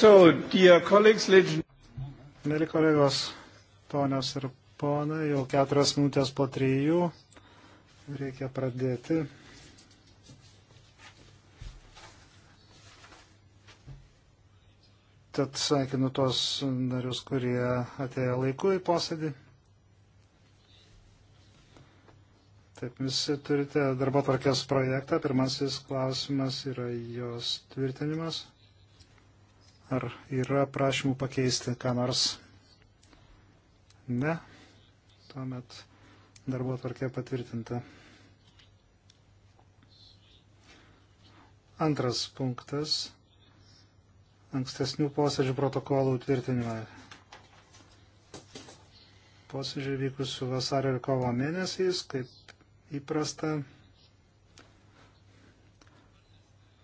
So, dear colleagues, ladies... Mėly kolegos, ponios ir ponai, jau keturias minutės po trijų reikia pradėti. Tad sveikinu tos narius, kurie atėjo laiku į posėdį. Taip, visi turite darbo tvarkės projektą. Pirmasis klausimas yra jos tvirtinimas. Ar yra prašymų pakeisti ką nors? Ne. Tuomet darbo tvarkė patvirtinta. Antras punktas. Ankstesnių posėdžių protokolų tvirtinimą. Posėdžiai vykusių vasario ir kovo mėnesiais, kaip įprasta.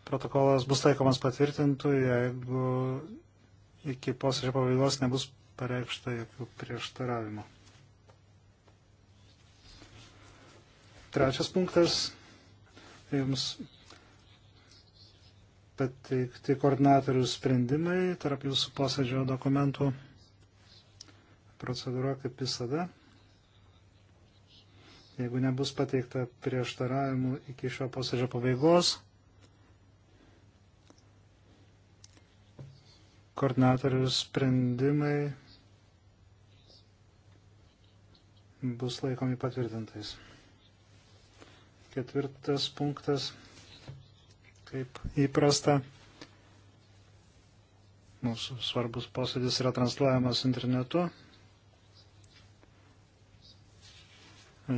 Protokolas bus taikomas patvirtintų, jeigu iki posėdžio pabaigos nebus pareikšta jokių prieštaravimų. Trečias punktas. Jums pateikti koordinatorių sprendimai tarp jūsų posėdžio dokumentų. Procedūra kaip visada. Jeigu nebus pateikta prieštaravimų iki šio posėdžio pabaigos, koordinatorių sprendimai bus laikomi patvirtintais. Ketvirtas punktas, kaip įprasta, mūsų svarbus posėdis yra transliuojamas internetu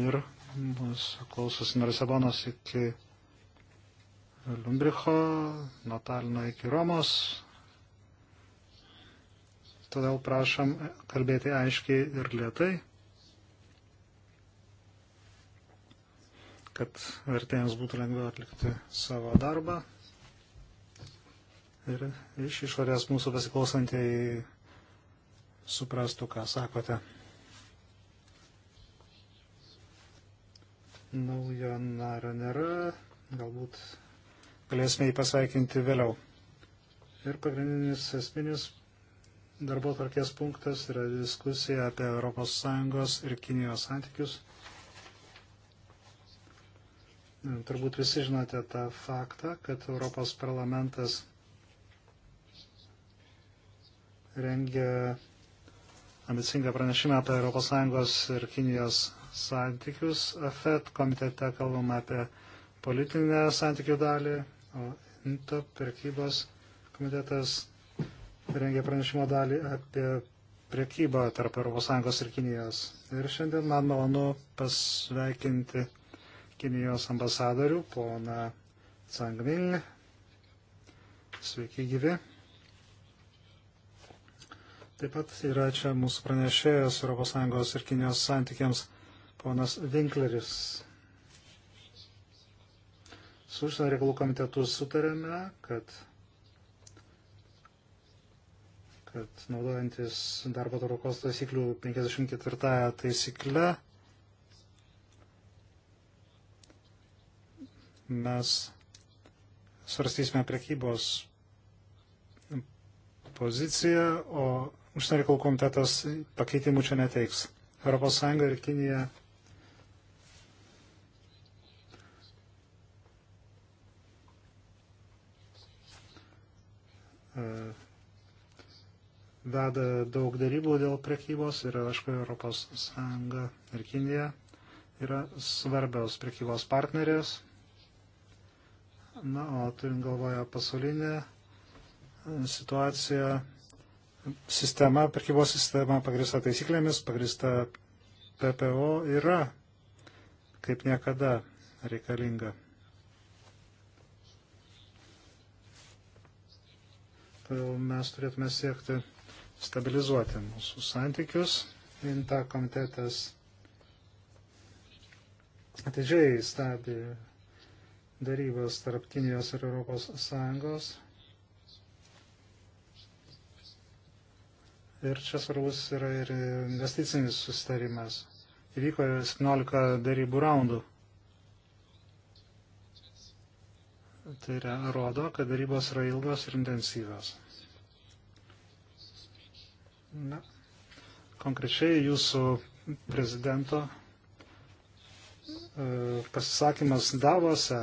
ir mūsų klausosi Narsabonos iki Lumbricho, nuo Talino iki Romos, Todėl prašom kalbėti aiškiai ir lietai, kad vertėjams būtų lengviau atlikti savo darbą. Ir iš išorės mūsų besiklausantieji suprastų, ką sakote. Naujo nario nėra, galbūt galėsime jį pasveikinti vėliau. Ir pagrindinis esminis darbo tvarkės punktas yra diskusija apie ES ir Kinijos santykius. Turbūt visi žinote tą faktą, kad Europos parlamentas rengia ambicingą pranešimą apie ES ir Kinijos santykius. AFET komitete kalbama apie politinę santykių dalį, o INTO prekybos komitetas rengė pranešimo dalį apie priekybą tarp ES ir Kinijos. Ir šiandien man malonu pasveikinti Kinijos ambasadorių, poną Cangmil. Sveiki gyvi. Taip pat yra čia mūsų pranešėjas ES ir Kinijos santykiams, ponas Winkleris. Su užsienio reikalų komitetu sutarėme, kad kad naudojantis darbo tvarkos taisyklių 54 taisykle mes svarstysime prekybos poziciją, o užsienio reikalų komitetas pakeitimų čia neteiks. ES ir Kinija uh, veda daug darybų dėl prekybos ir, aišku, ES ir Kinija yra svarbios prekybos partnerės. Na, o turint galvoje pasaulinę e, situaciją, sistema, prekybos sistema pagrista taisyklėmis, pagrista PPO yra kaip niekada reikalinga. Todėl mes turėtume siekti stabilizuoti mūsų santykius. Inta komitetas atidžiai stebi darybas tarp Kinijos ir Europos Sąjungos. Ir čia svarbus yra ir investicinis sustarimas. Įvyko 17 darybų raundų. Tai yra, rodo, kad darybos yra ilgos ir intensyvios. Na, konkrečiai jūsų prezidento e, pasisakymas Davose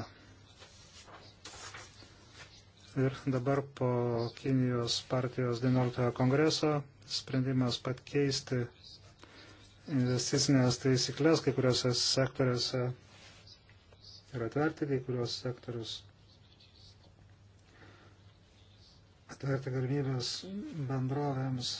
ir dabar po Kinijos partijos 19 kongreso sprendimas pakeisti investicinės taisyklės kai kuriuose sektoriuose ir atverti kai kuriuos sektorius, atverti galimybės bendrovėms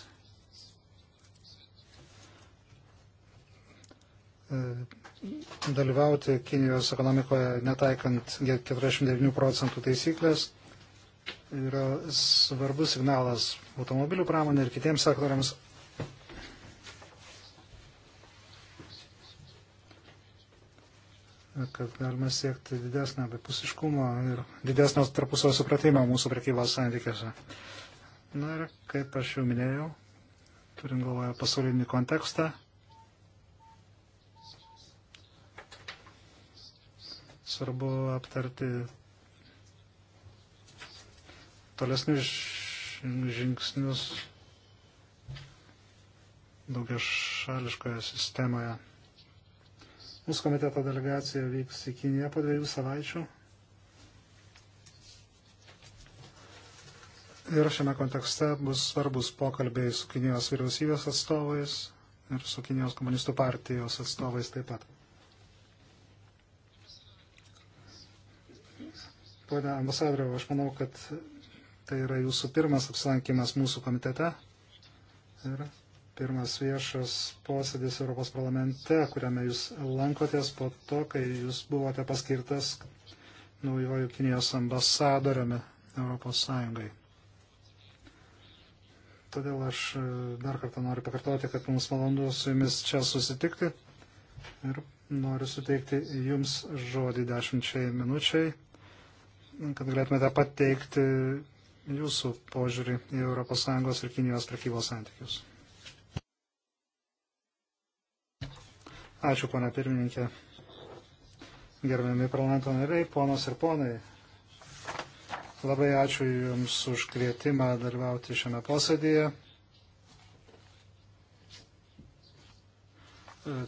E, dalyvauti Kinijos ekonomikoje netaikant 49 procentų taisyklės yra svarbus signalas automobilių pramonė ir kitiems sektoriams. kad galima siekti didesnio abipusiškumo ir didesnio tarpusio supratimo mūsų prekybos santykiuose. Na ir kaip aš jau minėjau, turim galvoje pasaulinį kontekstą, svarbu aptarti tolesnius žingsnius daugia šališkoje sistemoje. Mūsų komiteto delegacija vyks į Kiniją po dviejų savaičių. Ir šiame kontekste bus svarbus pokalbiai su Kinijos vyriausybės atstovais ir su Kinijos komunistų partijos atstovais taip pat. Pone ambasadoriau, aš manau, kad tai yra jūsų pirmas apsilankimas mūsų komitete ir pirmas viešas posėdis Europos parlamente, kuriame jūs lankotės po to, kai jūs buvote paskirtas naujojų Kinijos ambasadoriumi Europos Sąjungai. Todėl aš e, dar kartą noriu pakartoti, kad mums malonu su jumis čia susitikti ir noriu suteikti jums žodį dešimčiai minučiai kad galėtumėte pateikti jūsų požiūrį į ES ir Kinijos prekybos santykius. Ačiū, ponia pirmininkė. Gerbiami parlamento nariai, ponos ir ponai. Labai ačiū Jums už kvietimą dalyvauti šiame posėdėje.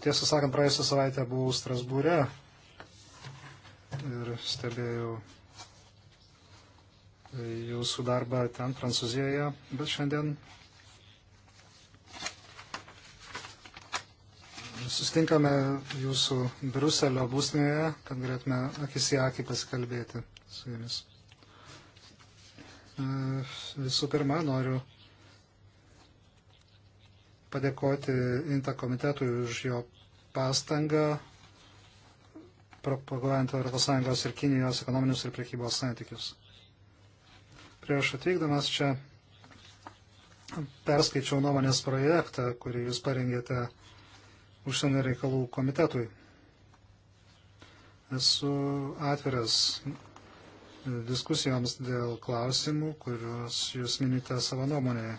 Tiesą sakant, praėjusią savaitę buvau Strasbūre ir stebėjau jūsų darbą ten Prancūzijoje, bet šiandien susitinkame jūsų Bruselio būsnėje, kad galėtume akis į akį pasikalbėti su jumis. E, visų pirma, noriu padėkoti INTA komitetui už jo pastangą propaguojant ES ir Kinijos ekonominius ir priekybos santykius. Prieš atvykdamas čia perskaičiau nuomonės projektą, kurį jūs parengėte užsienio reikalų komitetui. Esu atviras diskusijoms dėl klausimų, kuriuos jūs minite savo nuomonėje.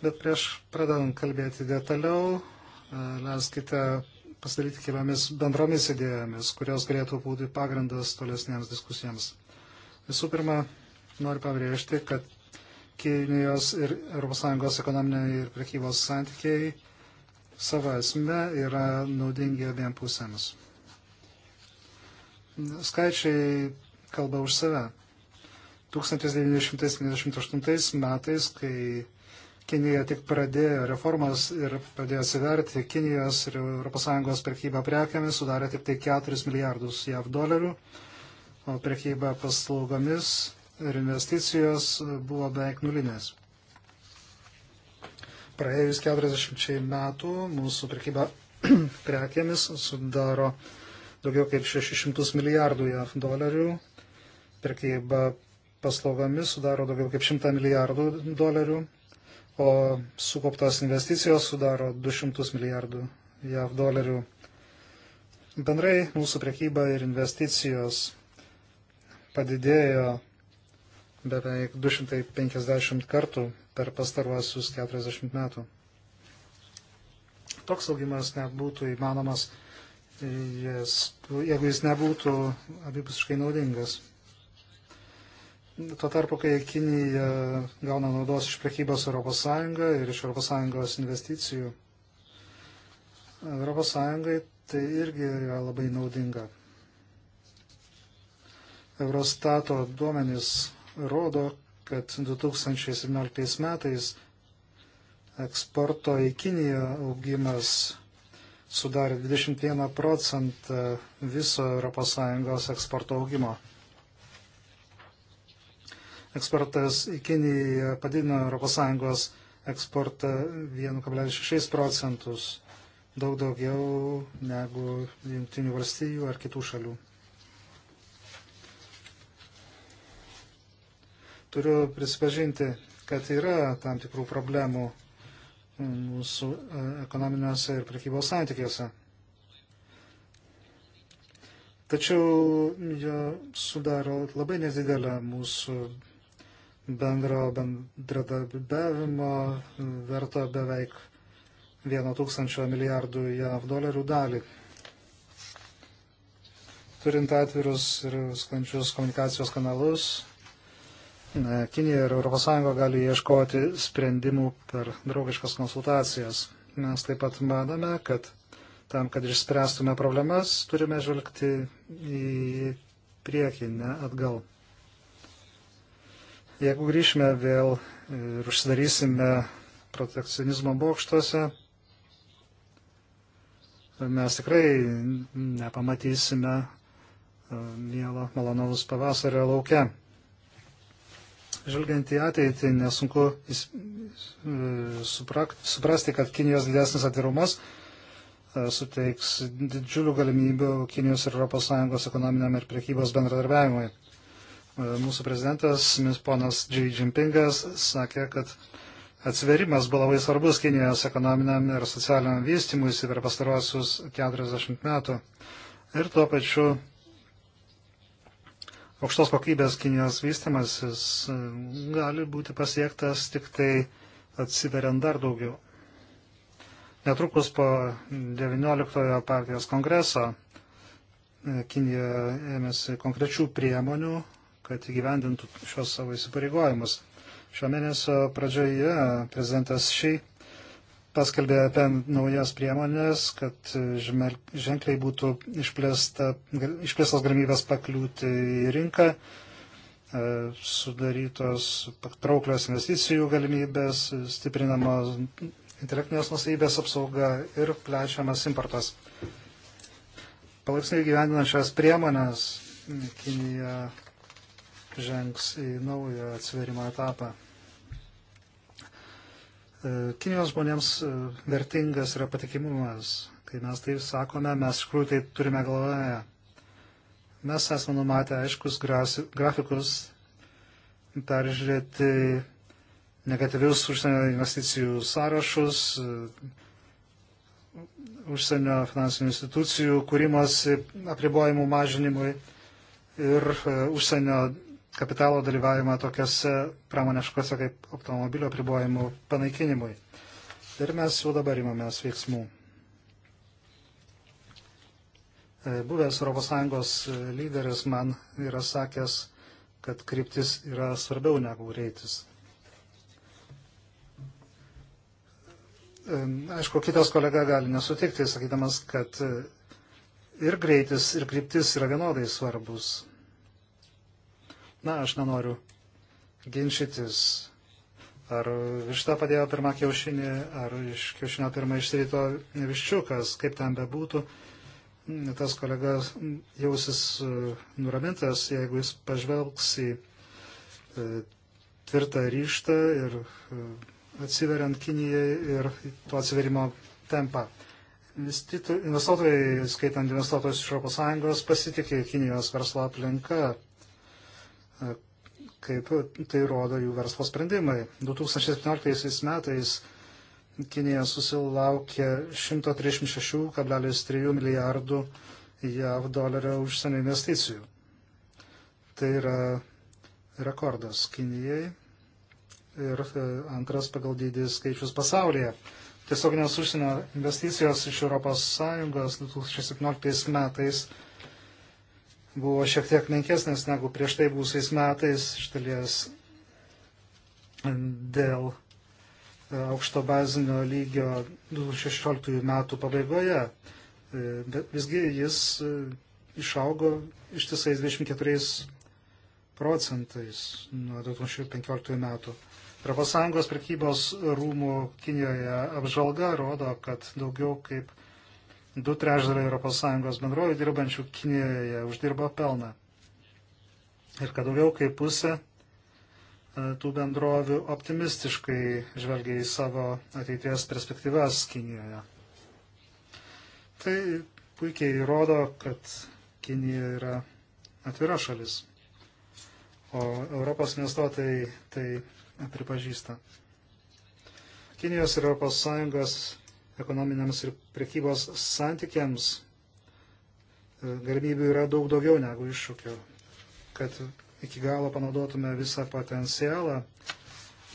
Bet prieš pradedant kalbėti detaliau, leiskite pasidaryti keliomis bendromis idėjomis, kurios galėtų būti pagrindas tolesniems diskusijams. Visų pirma, noriu pabrėžti, kad Kinijos ir ES ekonominiai ir prekybos santykiai savo esme yra naudingi abiem pusėms. Skaičiai kalba už save. 1978 metais, kai Kinija tik pradėjo reformas ir pradėjo atsiverti, Kinijos ir ES prekyba prekiamis sudarė tik tai 4 milijardus JAV dolerių, prekyba paslaugomis ir investicijos buvo beveik nulinės. Praėjus 40 metų mūsų prekyba prekėmis sudaro daugiau kaip 600 milijardų JAV dolerių, prekyba paslaugomis sudaro daugiau kaip 100 milijardų dolerių, o sukauptos investicijos sudaro 200 milijardų JAV dolerių. Bendrai mūsų prekyba ir investicijos padidėjo beveik 250 kartų per pastaruosius 40 metų. Toks augimas nebūtų įmanomas, e, jis, jeigu jis nebūtų abipusiškai naudingas. Tuo tarpu, kai Kinija gauna naudos iš prekybos Europos Sąjunga ir iš Europos Sąjungos investicijų, Europos Sąjungai tai irgi yra labai naudinga. Eurostato duomenys rodo, kad 2017 metais eksporto į Kiniją augimas sudarė 21 procentą viso ES eksporto augimo. Eksportas į Kiniją padidino ES eksportą 1,6 procentus, daug daugiau negu Junktinių valstybių ar kitų šalių. Turiu prisipažinti, kad yra tam tikrų problemų mm, mūsų e, ekonominiuose ir prekybos santykiuose. Tačiau jo sudaro labai nedidelę mūsų bendro bendradarbiavimo verto beveik 1 tūkstančio milijardų JAV dolerių dalį. Turint atvirus ir sklančius komunikacijos kanalus, Kinija ir ES gali ieškoti sprendimų per draugiškas konsultacijas. Mes taip pat manome, kad tam, kad išspręstume problemas, turime žvelgti į priekį, ne atgal. Jeigu grįšime vėl ir užsidarysime protekcionizmo bokštuose, mes tikrai nepamatysime e, mielo malonaus pavasario laukia. Žvelgiant į ateitį, nesunku e, suprasti, kad Kinijos didesnis atvirumas e, suteiks didžiulių galimybių Kinijos ir ES ekonominiam ir priekybos bendradarbiavimui. E, mūsų prezidentas, ponas Džy Džimpingas, sakė, kad atsverimas buvo labai svarbus Kinijos ekonominiam ir socialiniam vystimui per pastaruosius 40 metų. Ir tuo pačiu aukštos kokybės Kinijos vystimasis e, gali būti pasiektas tik tai atsiveriant dar daugiau. Netrukus po 19-ojo partijos kongreso e, Kinija ėmėsi konkrečių priemonių, kad įgyvendintų šios savo įsipareigojimus. Šio mėnesio pradžioje prezidentas Šiai paskelbė apie naujas priemonės, kad ženkliai būtų išplėstas galimybės pakliūti į rinką, e, sudarytos patrauklios investicijų galimybės, stiprinamos intelektinės nusavybės apsauga ir plečiamas importas. Palaipsniui gyvendinant šias priemonės, Kinija žengs į naują atsverimo etapą. E, kinijos žmonėms e, vertingas yra patikimumas. Kai mes tai sakome, mes iš tikrųjų tai turime galvoje. Mes esame numatę aiškus grafikus peržiūrėti negatyvius užsienio investicijų sąrašus, e, užsienio finansinių institucijų kūrimas apribojimų mažinimui ir užsienio kapitalo dalyvavimą tokiuose pramoniškuose kaip automobilio pribojimų panaikinimui. Ir mes jau dabar imamės veiksmų. E, buvęs ES e, lyderis man yra sakęs, kad kryptis yra svarbiau negu greitis. E, aišku, kitas kolega gali nesutikti, sakydamas, kad ir greitis, ir kryptis yra vienodai svarbus Na, aš nenoriu ginčytis, ar višta padėjo pirmą kiaušinį, ar iš kiaušinio pirmą išsirito viščiukas, kaip ten bebūtų. Tas kolega jausis e, nuramintas, jeigu jis pažvelgs į e, tvirtą ryštą ir e, atsiveriant Kinijai ir to atsiverimo tempą. Investuotojai, skaitant investuotojus iš ES, pasitikė Kinijos verslo aplinka kaip tai rodo jų verslo sprendimai. 2017 metais Kinija susilaukė 136,3 milijardų JAV dolerio užsienio investicijų. Tai yra rekordas Kinijai ir e, antras pagal dydį skaičius pasaulyje. Tiesioginės užsienio investicijos iš ES 2017 metais buvo šiek tiek menkesnis negu prieš tai būsiais metais štalies dėl e, aukšto bazinio lygio 2016 metų pabaigoje. E, bet visgi jis e, išaugo ištisais 24 procentais nuo 2015 metų. Europos Sąjungos prekybos rūmų Kinijoje apžvalga rodo, kad daugiau kaip du trešdaliai ES bendrovų dirbančių Kinijoje uždirba pelną. Ir kad daugiau kaip pusė e, tų bendrovių optimistiškai žvelgia į savo ateities perspektyvas Kinijoje. Tai puikiai įrodo, kad Kinija yra atvira šalis, o Europos investuotojai tai pripažįsta. Kinijos ir Europos Sąjungos ekonominiams ir prekybos santykiams e, galimybių yra daug daugiau negu iššūkių. Kad iki galo panaudotume visą potencialą,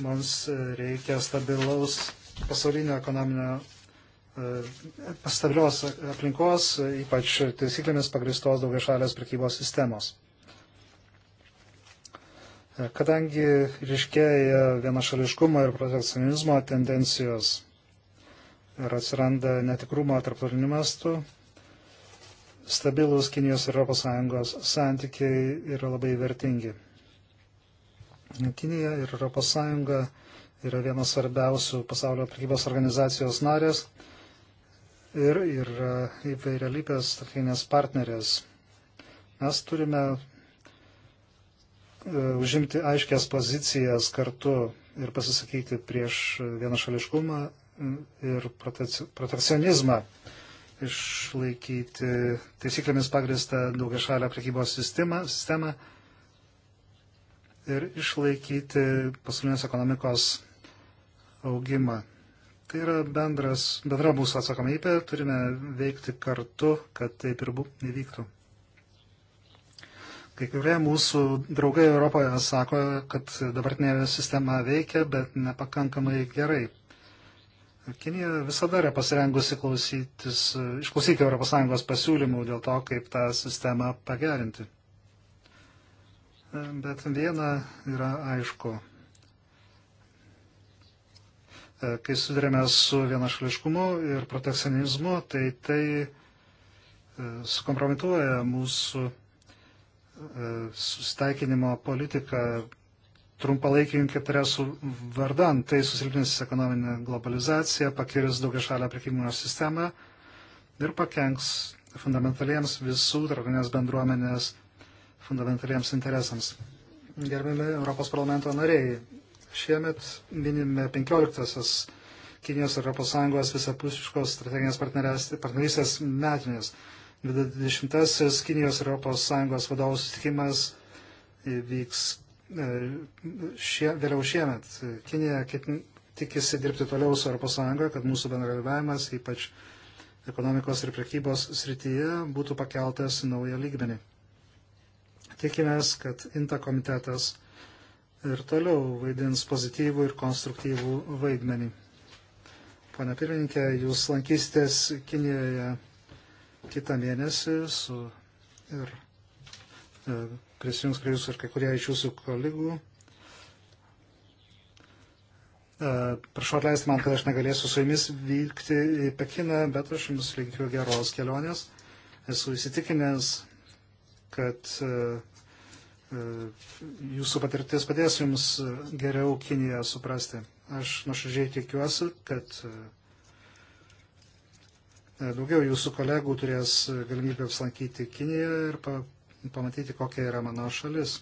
mums e, reikia stabilaus pasaulinio ekonominio e, stabilios aplinkos, ypač taisyklėmis pagristos daugiašalės prekybos sistemos. Kadangi ryškėja vienašališkumo ir protekcionizmo tendencijos, ir atsiranda netikrumo tarptautiniu mastu. Stabilūs Kinijos ir ES santykiai yra labai vertingi. Kinija ir ES yra vienas svarbiausių pasaulio prekybos organizacijos narės ir yra įvairialypės strateginės partnerės. Mes turime e, užimti aiškias pozicijas kartu ir pasisakyti prieš vienašališkumą ir protekcionizmą išlaikyti taisyklėmis pagristą daugiašalę prekybos sistemą, sistemą ir išlaikyti pasaulinės ekonomikos augimą. Tai yra bendras, bendra mūsų atsakomybė, turime veikti kartu, kad taip ir įvyktų. Kai kurie mūsų draugai Europoje sako, kad dabartinė sistema veikia, bet nepakankamai gerai. Kinija visada yra pasirengusi klausytis, išklausyti ES pasiūlymų dėl to, kaip tą sistemą pagerinti. Bet viena yra aišku. Kai sudarėme su vienašališkumu ir protekcionizmu, tai tai e, sukompromituoja mūsų e, susitaikinimo politiką trumpalaikių interesų vardan. Tai susilpnins ekonominę globalizaciją, pakirs daugia šalę prekybinio sistemą ir pakenks fundamentaliems visų tarptautinės bendruomenės fundamentaliems interesams. Gerbiami Europos parlamento nariai, šiemet minime 15-asias Kinijos ir ES visapusiškos strateginės partnerystės metinės. 20-asis Kinijos ir ES vadovų susitikimas vyks E, šie, vėliau šiemet Kinija ketin, tikisi dirbti toliau su ES, kad mūsų bendradarbiavimas, ypač ekonomikos ir prekybos srityje, būtų pakeltas naują lygmenį. Tikimės, kad INTA komitetas ir toliau vaidins pozityvų ir konstruktyvų vaidmenį. Pane pirmininkė, jūs lankysitės Kinijoje kitą mėnesį su ir e, prisijungs prie jūsų ir kai kurie iš jūsų kolegų. E, prašau atleisti man, kad aš negalėsiu su jumis vykti į Pekiną, bet aš jums linkiu geros kelionės. Esu įsitikinęs, kad e, e, jūsų patirtis padės jums geriau Kiniją suprasti. Aš nuoširdžiai tikiuosi, kad daugiau jūsų kolegų turės galimybę apsilankyti Kiniją ir pamatyti, kokia yra mano šalis,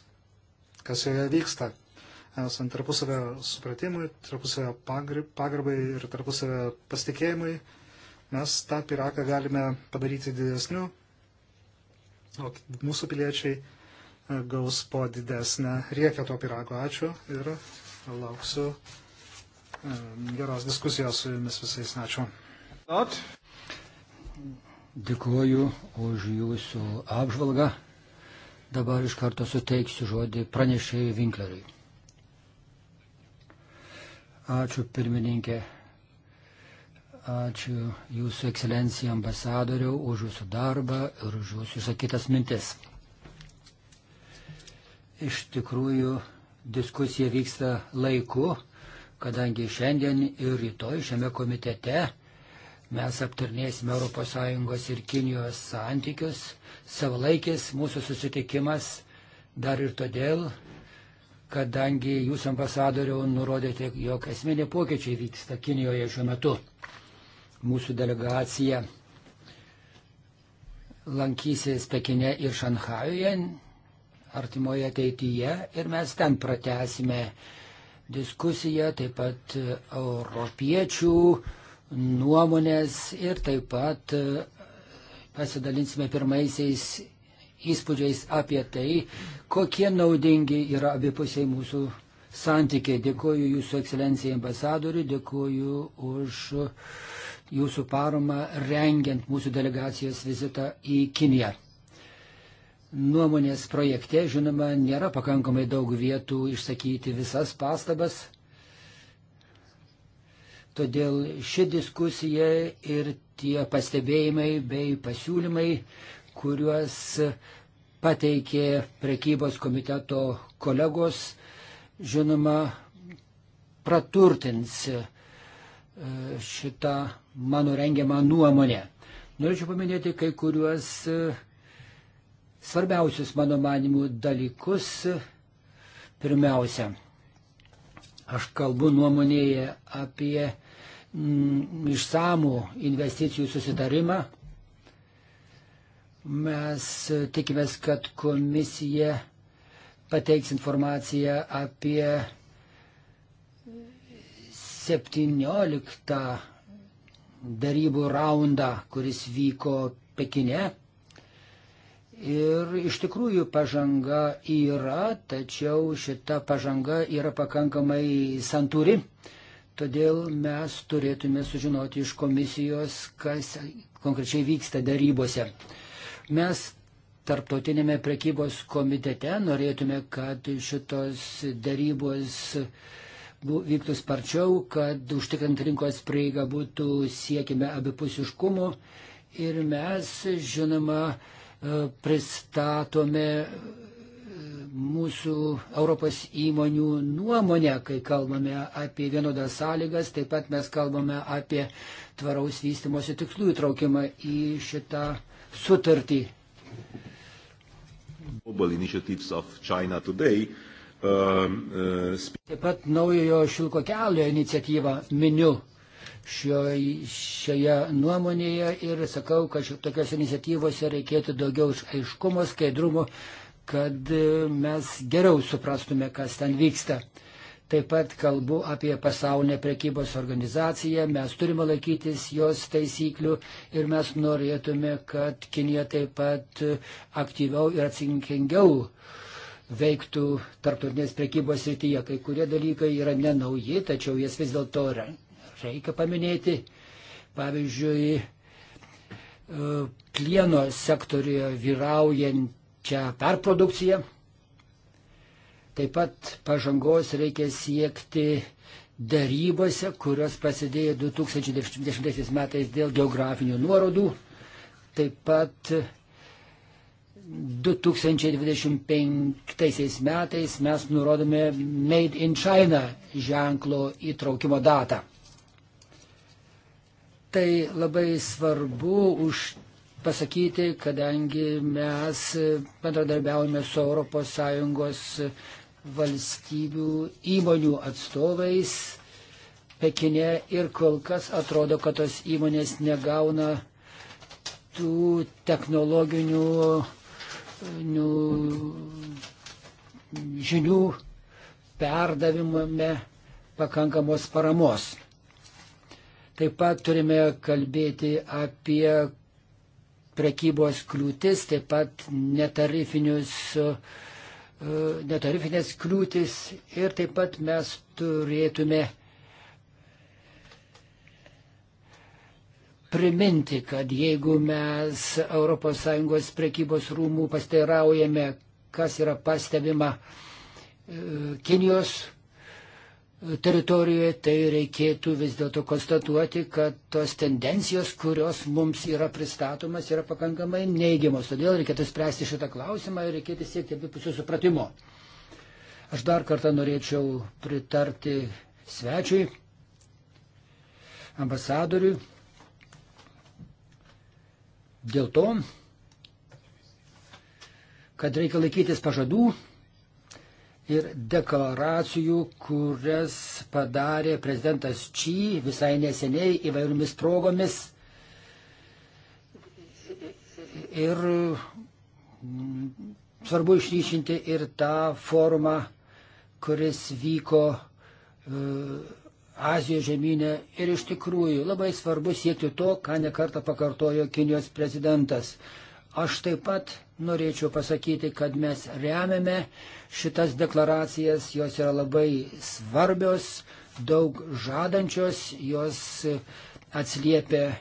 kas joje vyksta, esant tarpusavio supratimui, tarpusavio pagarbai ir tarpusavio pasitikėjimui, mes tą piraką galime padaryti didesniu, o mūsų piliečiai e, gaus po didesnę riekę to pirago. Ačiū ir lauksiu e, geros diskusijos su jumis visais. Ačiū. Dėkuoju už jūsų apžvalgą. Dabar iš karto suteiksiu žodį pranešėjui Vinkleriui. Ačiū pirmininkė. Ačiū Jūsų ekscelencija ambasadoriau už Jūsų darbą ir už Jūsų išsakytas mintis. Iš tikrųjų, diskusija vyksta laiku, kadangi šiandien ir rytoj šiame komitete Mes aptarnėsime ES ir Kinijos santykius. Savalaikis mūsų susitikimas dar ir todėl, kadangi jūs ambasadoriau nurodėte, jog esminė pokyčiai vyksta Kinijoje šiuo metu. Mūsų delegacija lankysis Pekine ir Šanhajuje artimoje ateityje ir mes ten pratesime diskusiją, taip pat europiečių nuomonės ir taip pat e, pasidalinsime pirmaisiais įspūdžiais apie tai, kokie naudingi yra abipusiai mūsų santykiai. Dėkuoju Jūsų ekscelencijai ambasadoriui, dėkuoju už Jūsų paramą rengiant mūsų delegacijos vizitą į Kiniją. Nuomonės projekte, žinoma, nėra pakankamai daug vietų išsakyti visas pastabas. Todėl ši diskusija ir tie pastebėjimai bei pasiūlymai, kuriuos pateikė prekybos komiteto kolegos, žinoma, praturtins e, šitą mano rengiamą nuomonę. Norėčiau paminėti kai kuriuos e, svarbiausius mano manimų dalykus. Pirmiausia, aš kalbu nuomonėje apie m, mm, išsamų investicijų susitarimą. Mes tikimės, kad komisija pateiks informaciją apie 17 darybų raundą, kuris vyko Pekine. Ir iš tikrųjų pažanga yra, tačiau šita pažanga yra pakankamai santūri. Todėl mes turėtume sužinoti iš komisijos, kas konkrečiai vyksta darybose. Mes tarptautinėme prekybos komitete norėtume, kad šitos darybos vyktų sparčiau, kad užtikrint rinkos prieigą būtų siekime abipusiškumo. Ir mes, žinoma, e, pristatome mūsų Europos įmonių nuomonę, kai kalbame apie vienodas sąlygas, taip pat mes kalbame apie tvaraus vystimosi tikslų įtraukimą į šitą sutartį. Today, um, uh, uh taip pat naujojo šilko kelio iniciatyvą miniu šio, šioje nuomonėje ir sakau, kad tokios iniciatyvose reikėtų daugiau aiškumo, skaidrumo kad e, mes geriau suprastume, kas ten vyksta. Taip pat kalbu apie pasaulinę prekybos organizaciją, mes turime laikytis jos taisyklių ir mes norėtume, kad Kinija taip pat e, aktyviau ir atsinkingiau veiktų tarptautinės prekybos srityje. Kai kurie dalykai yra nenauji, tačiau jas vis dėlto reikia paminėti. Pavyzdžiui, e, plieno sektorijoje vyraujant čia perprodukcija. Taip pat pažangos reikia siekti darybose, kurios prasidėjo 2010 metais dėl geografinių nuorodų. Taip pat 2025 metais mes nurodome Made in China ženklo įtraukimo datą. Tai labai svarbu užtikrinti pasakyti, kadangi mes bendradarbiaujame su ES valstybių įmonių atstovais Pekine ir kol kas atrodo, kad tos įmonės negauna tų technologinių nu, žinių perdavimame pakankamos paramos. Taip pat turime kalbėti apie prekybos kliūtis, taip pat netarifinius, e, netarifinės kliūtis ir taip pat mes turėtume priminti, kad jeigu mes ES prekybos rūmų pasteiraujame, kas yra pastebima e, Kinijos teritorijoje, tai reikėtų vis dėlto konstatuoti, kad tos tendencijos, kurios mums yra pristatomas, yra pakankamai neigiamos. Todėl reikėtų spręsti šitą klausimą ir reikėtų siekti abipusio supratimo. Aš dar kartą norėčiau pritarti svečiui, ambasadoriui. Dėl to, kad reikia laikytis pažadų, ir deklaracijų, kurias padarė prezidentas Čy visai neseniai įvairiomis progomis. Ir mm, svarbu išryšinti ir tą formą, kuris vyko e, Azijos žemynė ir iš tikrųjų labai svarbu siekti to, ką nekarta pakartojo Kinijos prezidentas. Aš taip pat norėčiau pasakyti, kad mes remiame šitas deklaracijas, jos yra labai svarbios, daug žadančios, jos atsiliepia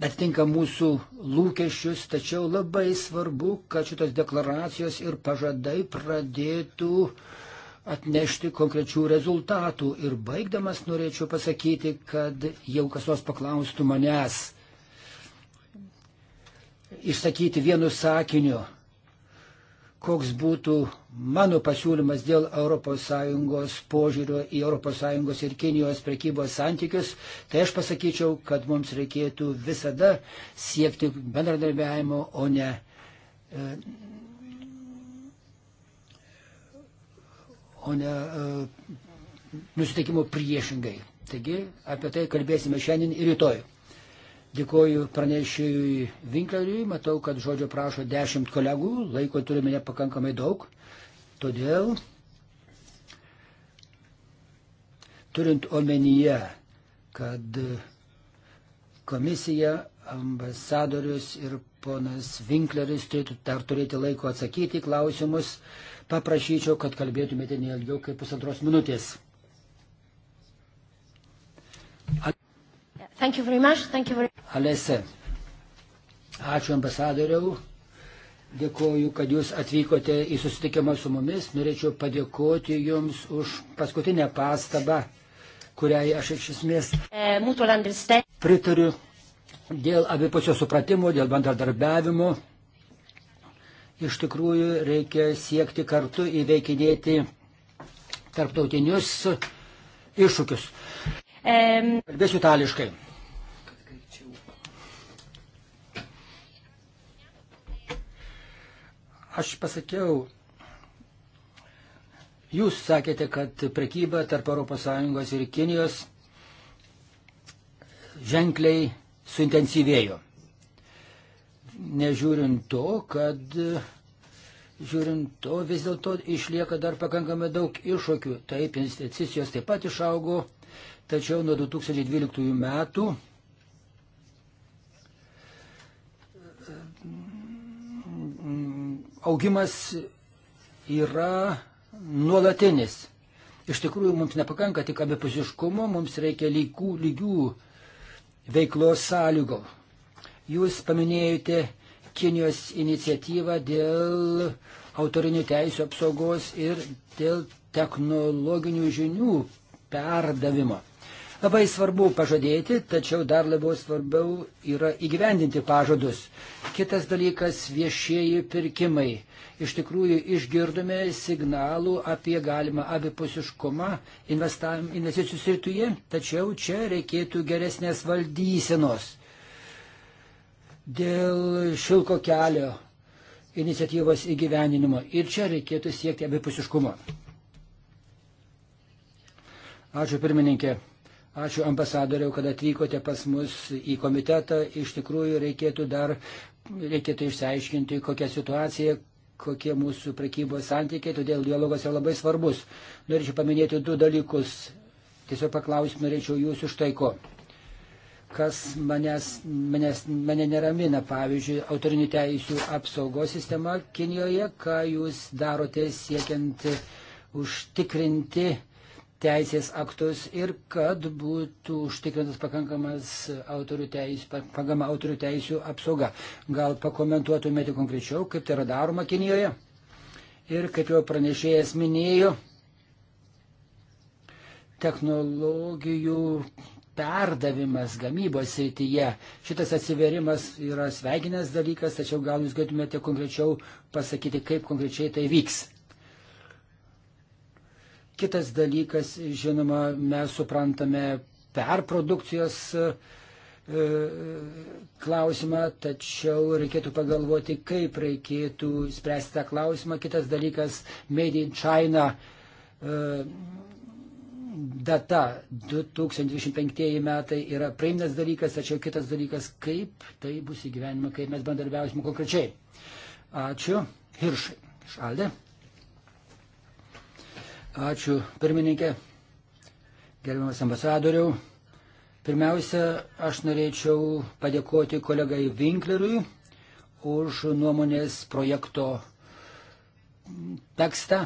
atitinka mūsų lūkesčius, tačiau labai svarbu, kad šitos deklaracijos ir pažadai pradėtų atnešti konkrečių rezultatų. Ir baigdamas norėčiau pasakyti, kad jau kas nors paklaustų manęs, išsakyti vienu sakiniu, koks būtų mano pasiūlymas dėl ES požiūrio į ES ir Kinijos prekybos santykius, tai aš pasakyčiau, kad mums reikėtų visada siekti bendradarbiavimo, o ne. E, o ne e, nusiteikimo priešingai. Taigi apie tai kalbėsime šiandien ir rytoj. Dėkoju pranešėjui Vinkleriui, matau, kad žodžio prašo dešimt kolegų, laiko turime nepakankamai daug, todėl turint omenyje, kad komisija, ambasadorius ir ponas Vinkleris turėtų dar turėti laiko atsakyti klausimus, paprašyčiau, kad kalbėtumėte neilgiau kaip pusantros minutės. Thank you very much. Thank you very... Alese, ačiū ambasadoriau. Dėkuoju, kad jūs atvykote į susitikimą su mumis. Norėčiau padėkoti jums už paskutinę pastabą, kuriai aš iš esmės eh, pritariu dėl abipusio supratimo, dėl bendradarbiavimo. Iš tikrųjų, reikia siekti kartu įveikinėti tarptautinius iššūkius. Kalbėsiu itališkai. Aš pasakiau, jūs sakėte, kad prekyba tarp ES ir Kinijos ženkliai suintensyvėjo. Nežiūrint to, kad žiūrint to, vis dėlto išlieka dar pakankamai daug iššūkių. Taip, investicijos taip pat išaugo, tačiau nuo 2012 metų augimas yra nuolatinis. Iš tikrųjų, mums nepakanka tik abipusiškumo, mums reikia lygų, lygių veiklos sąlygų. Jūs paminėjote Kinijos iniciatyvą dėl autorinių teisų apsaugos ir dėl technologinių žinių perdavimo. Labai svarbu pažadėti, tačiau dar labiau svarbiau yra įgyvendinti pažadus. Kitas dalykas - viešieji pirkimai. Iš tikrųjų išgirdome signalų apie galimą abipusiškumą investicijų srityje, tačiau čia reikėtų geresnės valdysenos. Dėl šilko kelio iniciatyvos įgyvendinimo. Ir čia reikėtų siekti abipusiškumo. Ačiū pirmininkė. Ačiū ambasadoriau, kad atvykote pas mus į komitetą. Iš tikrųjų reikėtų dar, reikėtų išsiaiškinti, kokia situacija, kokie mūsų prekybos santykiai, todėl dialogas yra labai svarbus. Norėčiau paminėti du dalykus. Tiesiog paklausim, norėčiau jūsų štai ko. Kas manęs, manęs, mane neramina, pavyzdžiui, autorinių teisų apsaugos sistema Kinijoje, ką jūs darote siekiant užtikrinti teisės aktus ir kad būtų užtikrintas pakankamas autorių teisų, pagama autorių teisų apsauga. Gal pakomentuotumėte konkrečiau, kaip tai yra daroma Kinijoje? Ir kaip jau pranešėjas minėjo, technologijų perdavimas gamybos srityje. Šitas atsiverimas yra sveikinęs dalykas, tačiau gal jūs galėtumėte konkrečiau pasakyti, kaip konkrečiai tai vyks. Kitas dalykas, žinoma, mes suprantame perprodukcijos e, e, klausimą, tačiau reikėtų pagalvoti, kaip reikėtų spręsti tą klausimą. Kitas dalykas, Made in China e, data 2025 metai yra priimtas dalykas, tačiau kitas dalykas, kaip tai bus įgyvenima, kaip mes bandarbiausime konkrečiai. Ačiū. Hiršai. Šaldė. Ačiū pirmininkė, gerbiamas ambasadoriau. Pirmiausia, aš norėčiau padėkoti kolegai Winklerui už nuomonės projekto tekstą.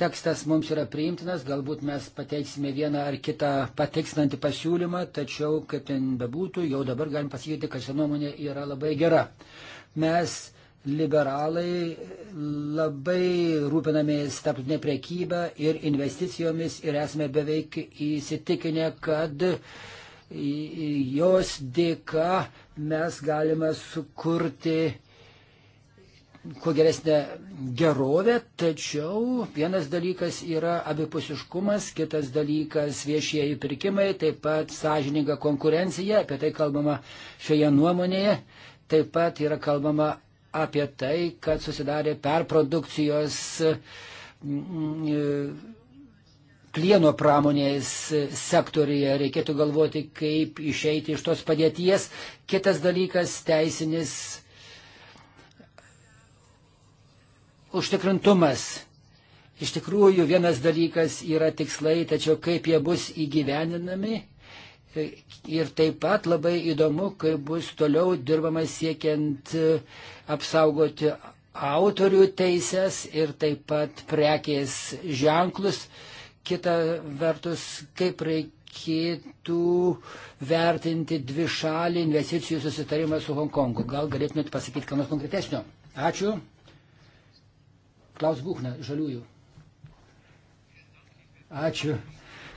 Tekstas mums yra priimtinas, galbūt mes pateiksime vieną ar kitą patiksinantį pasiūlymą, tačiau kaip ten bebūtų, jau dabar galim pasakyti, kad ši nuomonė yra labai gera. Mes liberalai labai rūpinamės tarptautinė prekyba ir investicijomis ir esame beveik įsitikinę, kad jos dėka mes galime sukurti kuo geresnę gerovę, tačiau vienas dalykas yra abipusiškumas, kitas dalykas viešieji pirkimai, taip pat sąžininga konkurencija, apie tai kalbama šioje nuomonėje, taip pat yra kalbama apie tai, kad susidarė perprodukcijos mm, mm, plieno pramonės sektorija. Reikėtų galvoti, kaip išeiti iš tos padėties. Kitas dalykas - teisinis užtikrintumas. Iš tikrųjų, vienas dalykas yra tikslai, tačiau kaip jie bus įgyveninami Ir taip pat labai įdomu, kaip bus toliau dirbama siekiant e, apsaugoti autorių teises ir taip pat prekės ženklus. Kita vertus, kaip reikėtų vertinti dvi šalį investicijų susitarimą su Hongkongu. Gal galėtumėte pasakyti ką nors konkretesnio? Ačiū. Klaus Buchna, žaliųjų. Ačiū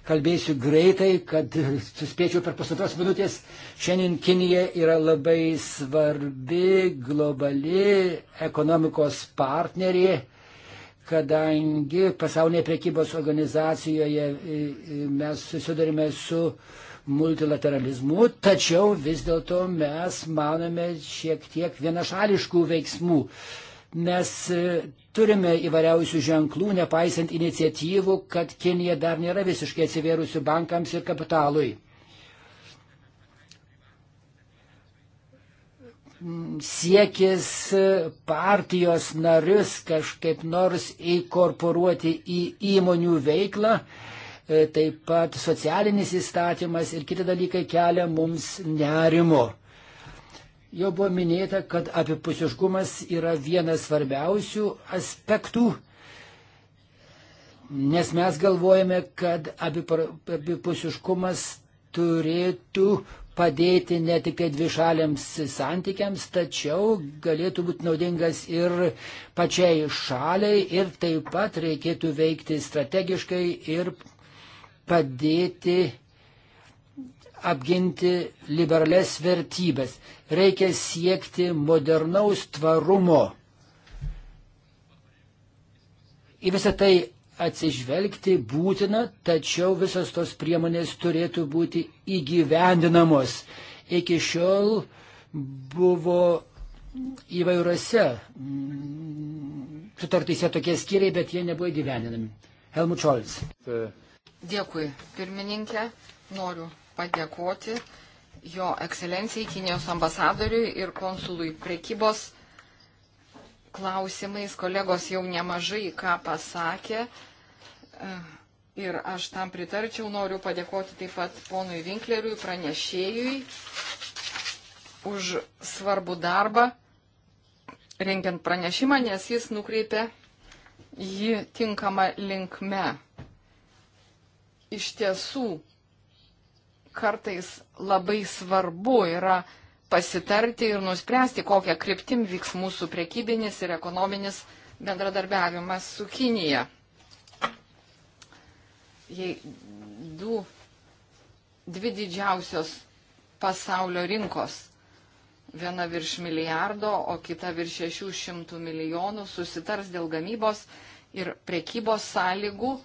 kalbėsiu greitai, kad suspėčiau per pusantros minutės. Šiandien Kinija yra labai svarbi globali ekonomikos partnerė, kadangi pasaulinėje prekybos organizacijoje e, e, mes susidurime su multilateralizmu, tačiau vis dėlto mes manome šiek tiek vienašališkų veiksmų. Mes e, turime įvairiausių ženklų, nepaisant iniciatyvų, kad Kinija dar nėra visiškai atsivėrusi bankams ir kapitalui. siekis partijos narius kažkaip nors įkorporuoti į įmonių veiklą, e, taip pat socialinis įstatymas ir kiti dalykai kelia mums nerimo. Jau buvo minėta, kad apipusiškumas yra vienas svarbiausių aspektų, nes mes galvojame, kad apipusiškumas turėtų padėti ne tik tai dvišaliams santykiams, tačiau galėtų būti naudingas ir pačiai šaliai ir taip pat reikėtų veikti strategiškai ir padėti apginti liberales vertybės. Reikia siekti modernaus tvarumo. Į visą tai atsižvelgti būtina, tačiau visos tos priemonės turėtų būti įgyvendinamos. Iki šiol buvo įvairiose mm, sutartyse tokie skyriai, bet jie nebuvo įgyvendinami. Helmut Scholz. Dėkui, pirmininkė. Noriu padėkoti jo ekscelencijai Kinijos ambasadoriui ir konsului prekybos klausimais. Kolegos jau nemažai ką pasakė e, ir aš tam pritarčiau. Noriu padėkoti taip pat ponui Vinkleriui, pranešėjui, už svarbų darbą rengiant pranešimą, nes jis nukreipia jį tinkamą linkme. Iš tiesų, kartais labai svarbu yra pasitarti ir nuspręsti, kokią kryptim vyks mūsų prekybinis ir ekonominis bendradarbiavimas su Kinija. Jei du, dvi didžiausios pasaulio rinkos, viena virš milijardo, o kita virš 600 milijonų, susitars dėl gamybos ir prekybos sąlygų,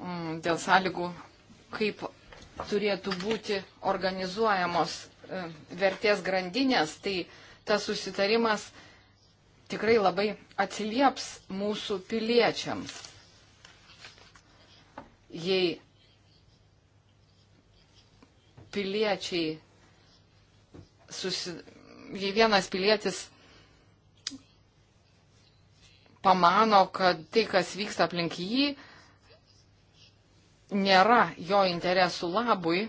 mm, dėl sąlygų, kaip turėtų būti organizuojamos e, vertės grandinės, tai tas susitarimas tikrai labai atsilieps mūsų piliečiams. Jei piliečiai, susi... jei vienas pilietis pamano, kad tai, kas vyksta aplink jį, nėra jo interesų labui,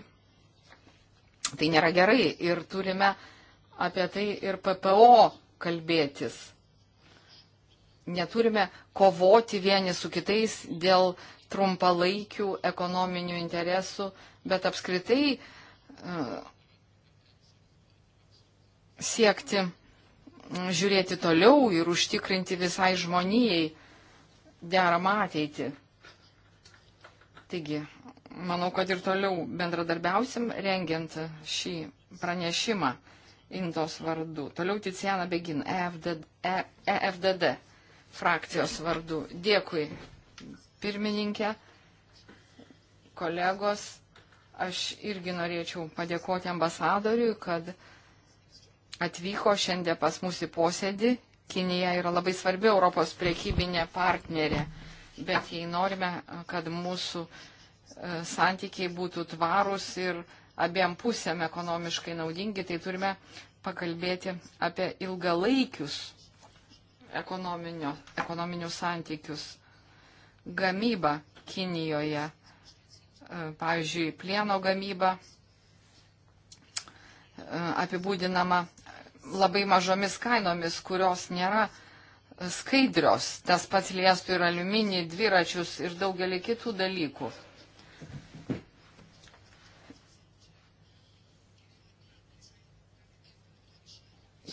tai nėra gerai ir turime apie tai ir PPO kalbėtis. Neturime kovoti vieni su kitais dėl trumpalaikių ekonominių interesų, bet apskritai uh, siekti žiūrėti toliau ir užtikrinti visai žmonijai deramą ateitį. Taigi, manau, kad ir toliau bendradarbiausim rengiant šį pranešimą Intos vardu. Toliau Ticiana Begin, EFDD, EFDD e frakcijos vardu. Dėkui, pirmininkė, kolegos. Aš irgi norėčiau padėkoti ambasadoriui, kad atvyko šiandien pas mūsų posėdį. Kinija yra labai svarbi Europos priekybinė partnerė. Mm. Bet jei norime, kad mūsų e, santykiai būtų tvarūs ir abiem pusėm ekonomiškai naudingi, tai turime pakalbėti apie ilgalaikius ekonominius santykius. Gamyba Kinijoje, e, pavyzdžiui, plieno gamyba e, apibūdinama labai mažomis kainomis, kurios nėra uh, skaidrios. Tas pats liestų ir aliuminį, dviračius ir daugelį kitų dalykų.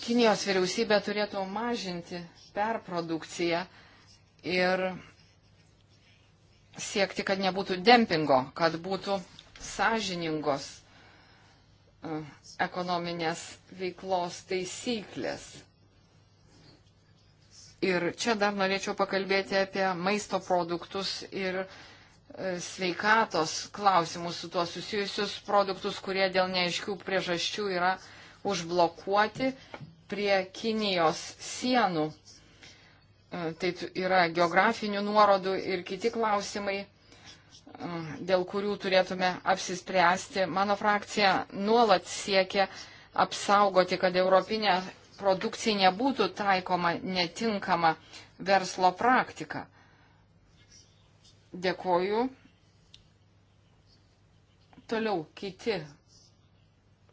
Kinijos vyriausybė turėtų mažinti perprodukciją ir siekti, kad nebūtų dempingo, kad būtų sąžiningos e, ekonominės veiklos taisyklės. Ir čia dar norėčiau pakalbėti apie maisto produktus ir e, sveikatos klausimus su tuo susijusius produktus, kurie dėl neaiškių priežasčių yra užblokuoti prie Kinijos sienų. E, tai yra geografinių nuorodų ir kiti klausimai, e, dėl kurių turėtume apsispręsti. Mano frakcija nuolat siekia apsaugoti, kad Europinė produkcijai nebūtų taikoma netinkama verslo praktika. Dėkoju. Toliau kiti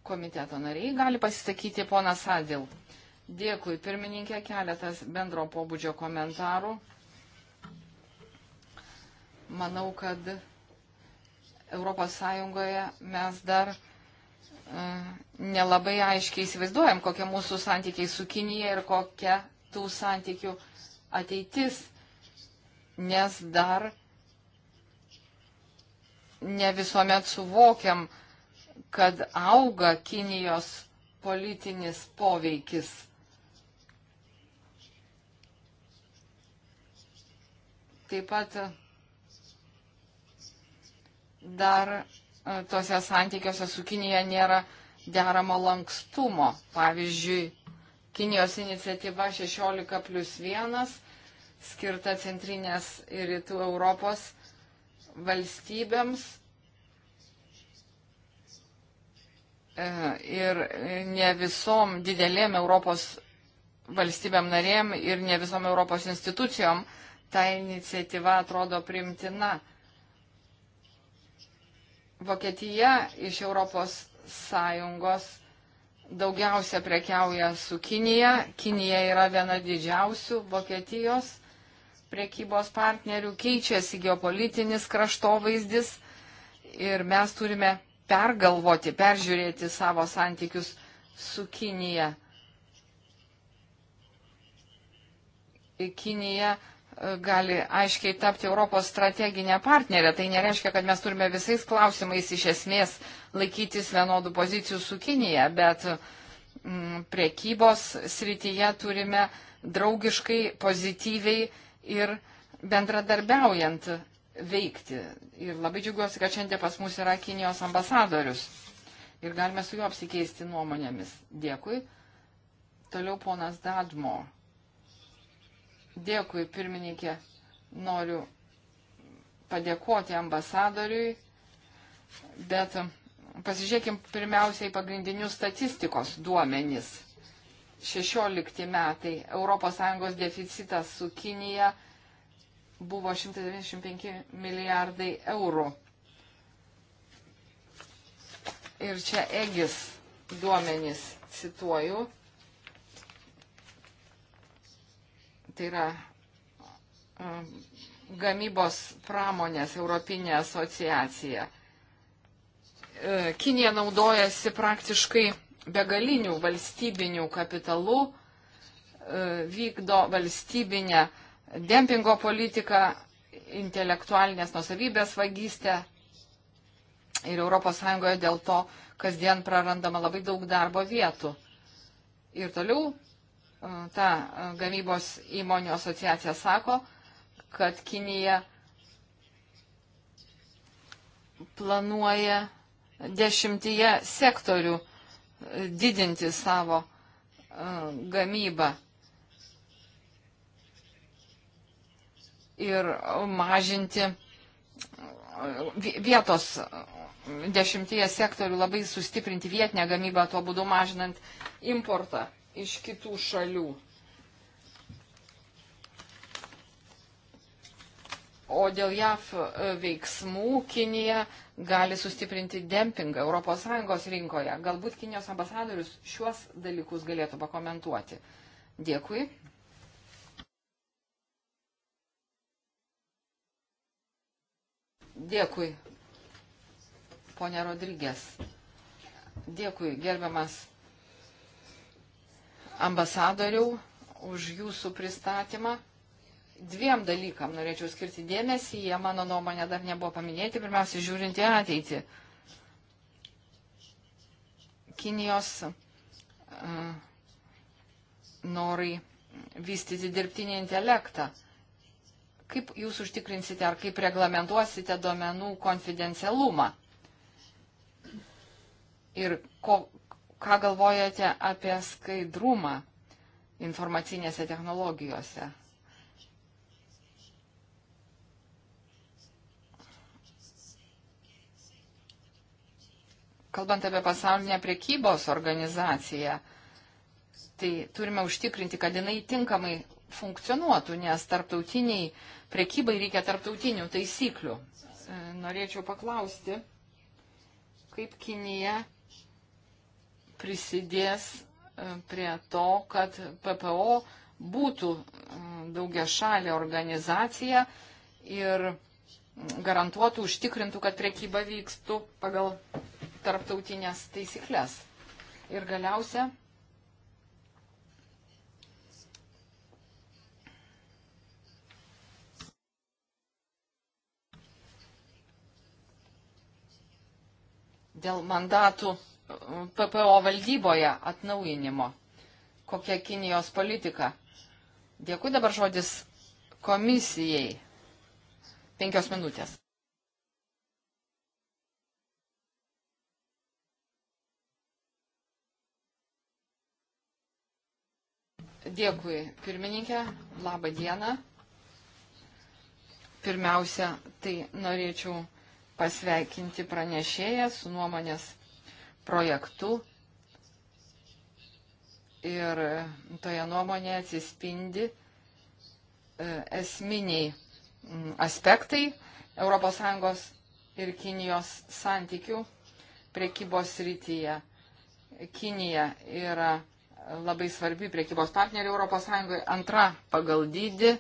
komiteto nariai gali pasisakyti ponas Adil. Dėkui, pirmininkė, keletas bendro pobūdžio komentarų. Manau, kad ES mes dar Mm, nelabai aiškiai įsivaizduojam, kokie mūsų santykiai su Kinija ir kokia tų santykių ateitis, nes dar ne visuomet suvokiam, kad auga Kinijos politinis poveikis. Taip pat dar tuose santykiuose su Kinija nėra deramo lankstumo. Pavyzdžiui, Kinijos iniciatyva 16 plus 1 skirta centrinės ir rytų Europos valstybėms. E, ir ne visom didelėm Europos valstybėm narėm ir ne visom Europos institucijom ta iniciatyva atrodo primtina. Vokietija iš Europos Sąjungos daugiausia prekiauja su Kinija. Kinija yra viena didžiausių Vokietijos prekybos partnerių, keičiasi geopolitinis kraštovaizdis ir mes turime pergalvoti, peržiūrėti savo santykius su Kinija. Kinija gali aiškiai tapti Europos strateginė partnerė. Tai nereiškia, kad mes turime visais klausimais iš esmės laikytis vienodų pozicijų su Kinija, bet m, mm, priekybos srityje turime draugiškai, pozityviai ir bendradarbiaujant veikti. Ir labai džiugiuosi, kad šiandien pas mus yra Kinijos ambasadorius. Ir galime su juo apsikeisti nuomonėmis. Dėkui. Toliau ponas Dadmore. Dėkui, pirmininkė. Noriu padėkoti ambasadoriui, bet pasižiūrėkim pirmiausiai pagrindinius statistikos duomenis. 16 metai ES deficitas su Kinija buvo 195 milijardai eurų. Ir čia Egis duomenys cituoju. Tai yra gamybos pramonės Europinė asociacija. E, Kinija naudojasi praktiškai begalinių valstybinių kapitalų, e, vykdo valstybinę dempingo politiką, intelektualinės nusavybės vagystę. Ir ES dėl to kasdien prarandama labai daug darbo vietų. Ir toliau ta e, gamybos įmonių asociacija sako, kad Kinija planuoja dešimtyje sektorių e, didinti savo e, gamybą ir mažinti vietos dešimtyje sektorių labai sustiprinti vietinę gamybą, tuo būdu mažinant importą iš kitų šalių. O dėl JAF e, veiksmų Kinija gali sustiprinti dempingą ES rinkoje. Galbūt Kinijos ambasadorius šiuos dalykus galėtų pakomentuoti. Dėkui. Dėkui, ponė Rodrygės. Dėkui, gerbiamas ambasadoriau, už jūsų pristatymą. Dviem dalykam norėčiau skirti dėmesį, jie mano nuomonė dar nebuvo paminėti, pirmiausia, žiūrint į ateitį. Kinijos uh, norai vystyti dirbtinį intelektą. Kaip jūs užtikrinsite ar kaip reglamentuosite duomenų konfidencialumą? Ir ko, ką galvojate apie skaidrumą informacinėse technologijose? Kalbant apie pasaulinę priekybos organizaciją, tai turime užtikrinti, kad jinai tinkamai funkcionuotų, nes tarptautiniai priekybai reikia tarptautinių taisyklių. Norėčiau paklausti, kaip Kinija prisidės e, prie to, kad PPO būtų daugia šalė organizacija ir garantuotų, užtikrintų, kad prekyba vykstų pagal tarptautinės taisyklės. Ir galiausia, dėl mandatų PPO valdyboje atnaujinimo. Kokia Kinijos politika? Dėkui dabar žodis komisijai. Penkios minutės. Dėkui, pirmininkė. Labą dieną. Pirmiausia, tai norėčiau pasveikinti pranešėją su nuomonės projektu ir toje nuomonėje atsispindi e, esminiai aspektai ES ir Kinijos santykių priekybos rytyje. Kinija yra labai svarbi priekybos partnerė ES, antra pagal dydį,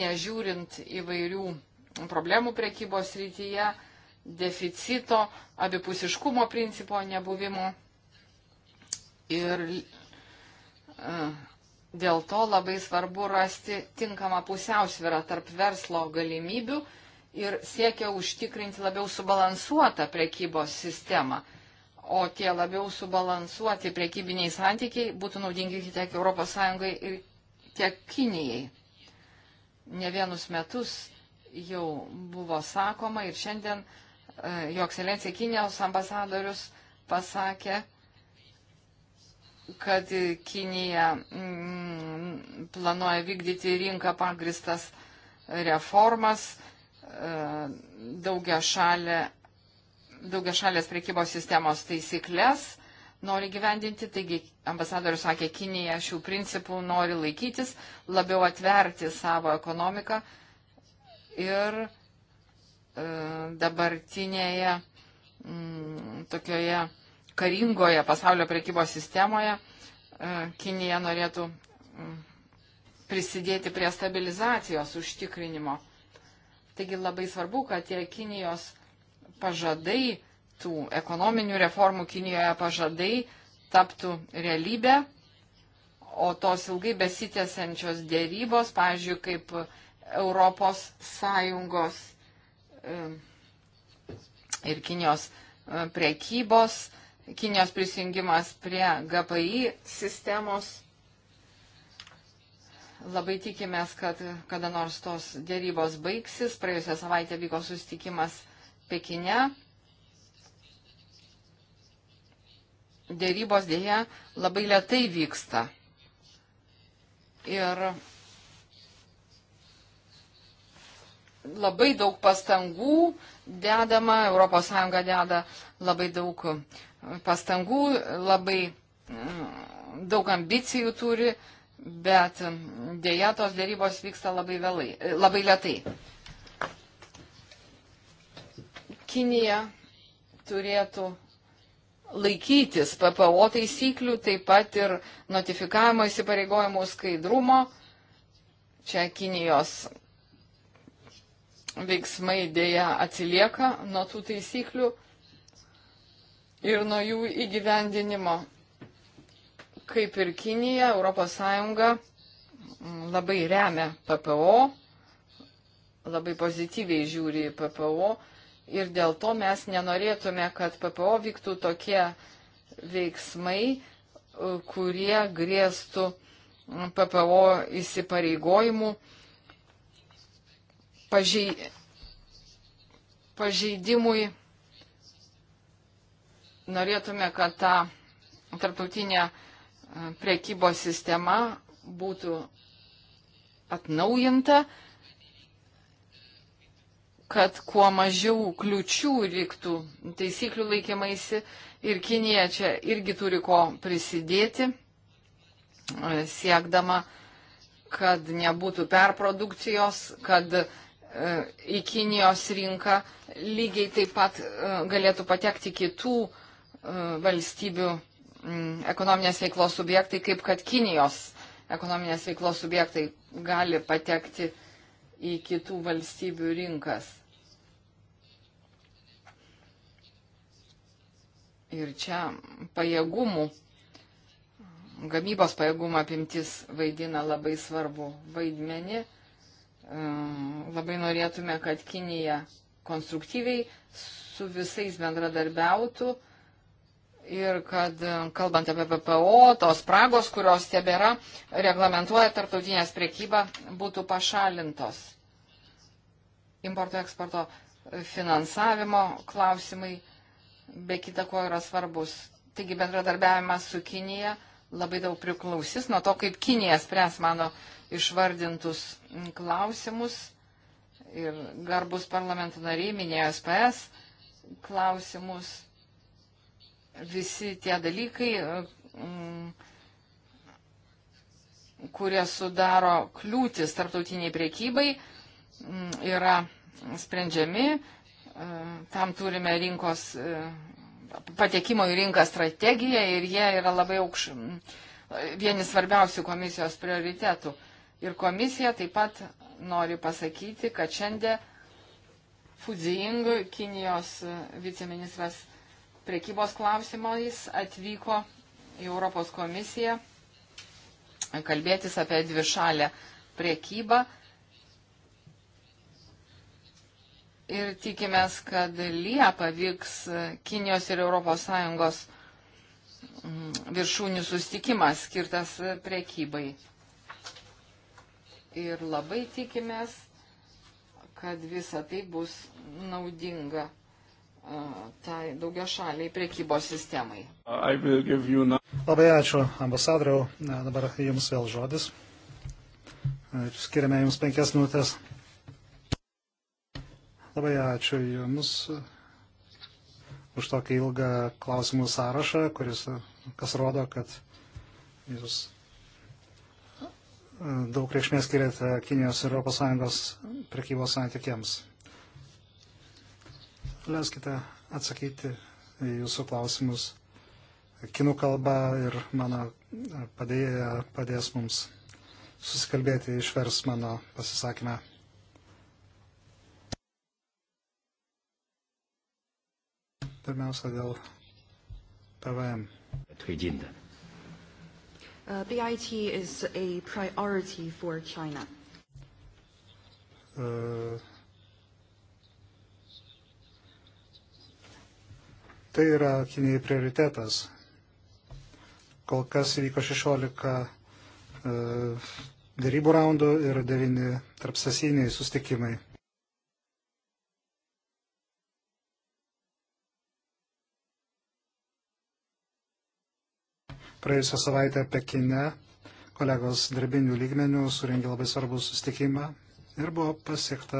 nežiūrint įvairių problemų priekybos rytyje deficito, abipusiškumo principo nebuvimo. Ir e, dėl to labai svarbu rasti tinkamą pusiausvyrą tarp verslo galimybių ir siekia užtikrinti labiau subalansuotą prekybos sistemą. O tie labiau subalansuoti prekybiniai santykiai būtų naudingi tiek ES ir tiek Kinijai. Ne vienus metus jau buvo sakoma ir šiandien uh, E, jo ekscelencija Kinijos ambasadorius pasakė, kad Kinija mm, planuoja vykdyti rinką pagristas reformas, e, daugia, šalė, daugia šalės priekybos sistemos taisyklės nori gyvendinti, taigi ambasadorius sakė, Kinija šių principų nori laikytis, labiau atverti savo ekonomiką ir E, dabartinėje mm, tokioje karingoje pasaulio prekybos sistemoje e, Kinija norėtų mm, prisidėti prie stabilizacijos užtikrinimo. Taigi labai svarbu, kad tie Kinijos pažadai, tų ekonominių reformų Kinijoje pažadai taptų realybę, o tos ilgai besitėsiančios dėrybos, pavyzdžiui, kaip Europos Sąjungos E, ir Kinijos e, prekybos, Kinijos prisijungimas prie GPI sistemos. Labai tikimės, kad kada nors tos dėrybos baigsis. Praėjusią savaitę vyko susitikimas Pekine. Dėrybos dėja labai lietai vyksta. Ir labai daug pastangų dedama, ES deda labai daug e, pastangų, labai mm, daug ambicijų turi, bet mm, dėja tos dėrybos vyksta labai, vėlai, e, labai lietai. Kinija turėtų laikytis PPO taisyklių, taip pat ir notifikavimo įsipareigojimų skaidrumo. Čia Kinijos veiksmai dėja atsilieka nuo tų taisyklių ir nuo jų įgyvendinimo. Kaip ir Kinija, ES labai remia PPO, labai pozityviai žiūri į PPO ir dėl to mes nenorėtume, kad PPO vyktų tokie veiksmai, kurie grėstų PPO įsipareigojimų pažei, pažeidimui. Norėtume, kad ta tarptautinė e, priekybos sistema būtų atnaujinta, kad kuo mažiau kliučių reiktų taisyklių laikymaisi ir Kinija čia irgi turi ko prisidėti, e, siekdama, kad nebūtų perprodukcijos, kad E, į Kinijos rinką, lygiai taip pat e, galėtų patekti kitų e, valstybių ekonominės veiklos subjektai, kaip kad Kinijos ekonominės veiklos subjektai gali patekti į kitų valstybių rinkas. Ir čia pajėgumų, gamybos pajėgumo apimtis vaidina labai svarbu vaidmenį. Labai norėtume, kad Kinija konstruktyviai su visais bendradarbiautų ir kad, kalbant apie PPO, tos spragos, kurios tebėra, reglamentuoja tarptautinės priekybą, būtų pašalintos. Importo eksporto finansavimo klausimai be kita ko yra svarbus. Taigi bendradarbiavimas su Kinija labai daug priklausys nuo to, kaip Kinija spręs mano uh, išvardintus klausimus ir garbus parlamento nariai minėjo SPS klausimus. Visi tie dalykai, mm, kurie sudaro kliūtis tarptautiniai priekybai, mm, yra sprendžiami. E, tam turime rinkos, e, patekimo į rinką strategiją ir jie yra labai aukš, mm, vieni svarbiausių komisijos prioritetų. Ir komisija taip pat nori pasakyti, kad šiandien Fuzijing, Kinijos viceministras prekybos klausimais, atvyko į Europos komisiją kalbėtis apie dvišalę prekybą. Ir tikimės, kad Liepa vyks Kinijos ir ES mm, viršūnių sustikimas skirtas prekybai ir labai tikimės, kad visa tai bus naudinga tai daugia šaliai priekybos sistemai. Labai ačiū, ambasadoriau. Dabar jums vėl žodis. Ir skiriame jums penkias minutės. Labai ačiū jums už tokį ilgą klausimų sąrašą, kuris kas rodo, kad jūs daug reikšmės skiriate Kinijos ir ES prekybos santykiams. Leiskite atsakyti į jūsų klausimus. Kinų kalba ir mano padėja padės mums susikalbėti išvers mano pasisakymą. Pirmiausia, dėl PVM. Atvaidinta. Uh, BIT is a priority for China. Uh, tai yra Kinijai prioritetas. Kol kas įvyko 16 uh, darybų raundų ir 9 tarpsasiniai sustikimai. praėjusią savaitę Pekine kolegos darbinių lygmenių suringė labai svarbų sustikimą ir buvo pasiekta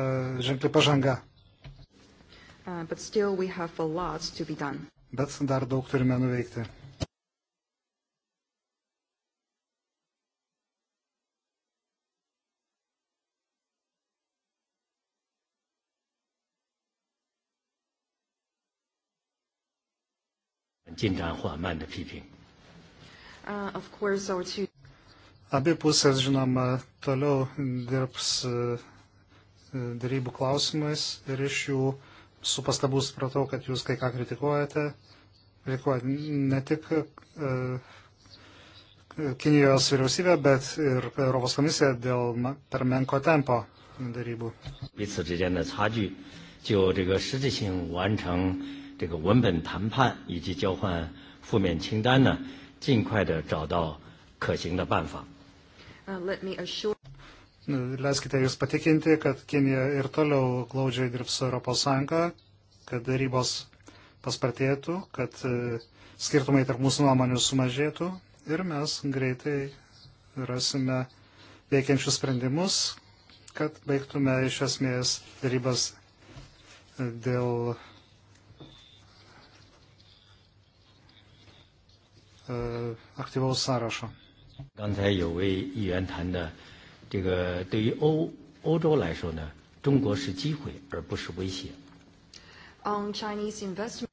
ženkli pažanga. Uh, Bet dar daug turime nuveikti. 进展缓慢的批评。Uh, Abi pusės, žinoma, toliau dirbs uh, dėrybų klausimais ir iš jų su pastabų supratau, kad jūs kai ką kritikuojate. Kritikuojate ne tik uh, Kinijos vyriausybę, bet ir Europos komisiją dėl per menko tempo dėrybų. 彼此之间的差距，就这个实质性完成这个文本谈判以及交换负面清单呢？尽快的找到可行的办法。Uh, Leiskite Jūs patikinti, kad Kinija ir toliau glaudžiai dirbs su ES, kad darybos paspartėtų, kad e, skirtumai tarp mūsų nuomonių sumažėtų ir mes greitai rasime veikiančius sprendimus, kad baigtume iš esmės darybas e, dėl aktyvaus sąrašo. 刚才有位议员谈的，这个对于欧欧洲来说呢，中国是机会而不是威胁。On Chinese investment.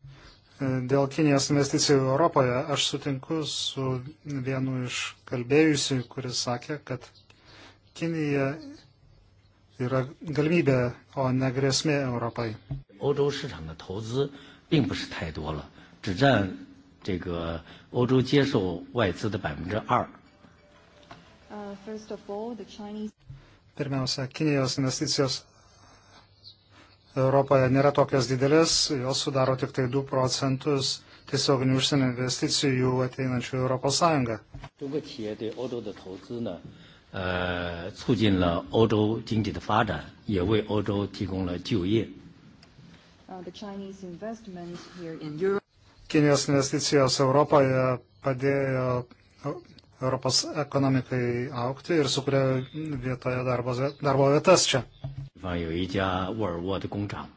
Dėl Kinijos investicijų Europoje aš sutinku su vienu iš kalbėjusių, kuris sakė, kad Kinija yra galimybė, o ne grėsmė Europai. 欧洲市场的投资并不是太多了，只占这个欧洲接受外资的百分之二。Pirmiausia, Kinijos investicijos Europoje nėra tokios didelės, jos sudaro tik tai 2 procentus tiesioginių užsienio investicijų ateinančių Europos Sąjungą. 呃，促进了欧洲经济的发展，也为欧洲提供了就业。Uh, Kinijos investicijos Europoje padėjo Europos ekonomikai aukti ir sukuria vietoje darbo, darbo vietas čia. 方有一家沃尔沃的工厂，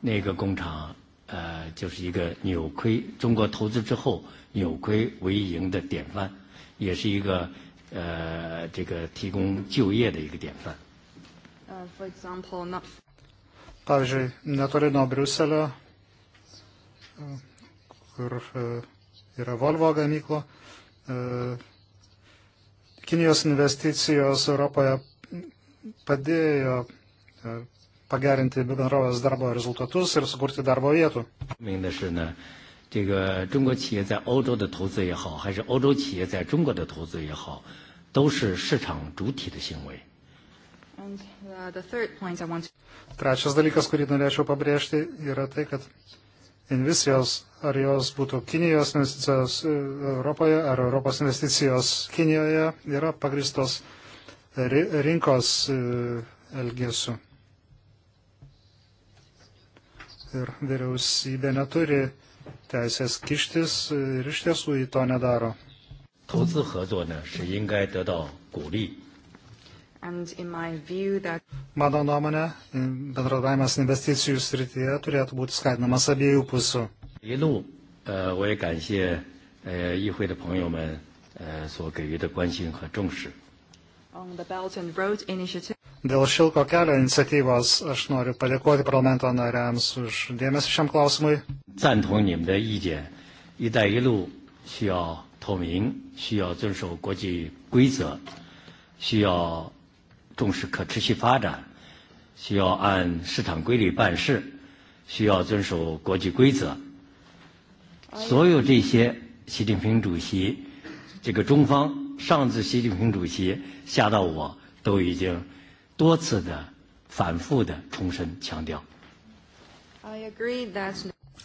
那个工厂呃就是一个扭亏中国投资之后扭亏为盈的典范，也是一个呃这个提供就业的一个典范。Uh, for example, not... Pavyzdžiui, netoli nuo Briuselio kur e, yra Volvo gamyklo. E, Kinijos investicijos Europoje padėjo e, pagerinti bendrovės darbo rezultatus ir sukurti darbo vietų. 这个中国企业在欧洲的投资也好，还是欧洲企业在中国的投资也好，都是市场主体的行为。And, uh, to... Trečias dalykas, kurį norėčiau pabrėžti, yra tai, kad uh, investicijos, ar jos būtų Kinijos investicijos e, Europoje ar Europos investicijos Kinijoje, yra pagristos rinkos e, elgesiu. Ir vyriausybė neturi teisės kištis ir iš tiesų į to nedaro. 投资合作呢是应该得到鼓励。That... Mano nuomonė, bendradavimas investicijų srityje turėtų būti skatinamas abiejų pusių. E, Dėl šilko kelio iniciatyvos aš noriu padėkoti parlamento nariams už dėmesį šiam klausimui. 赞同你们的意见，一带一路需要透明，需要遵守国际规则，需要重视可持续发展，需要按市场规律办事，需要遵守国际规则。所有这些，习近平主席，这个中方上至习近平主席，下到我都已经多次的、反复的重申强调。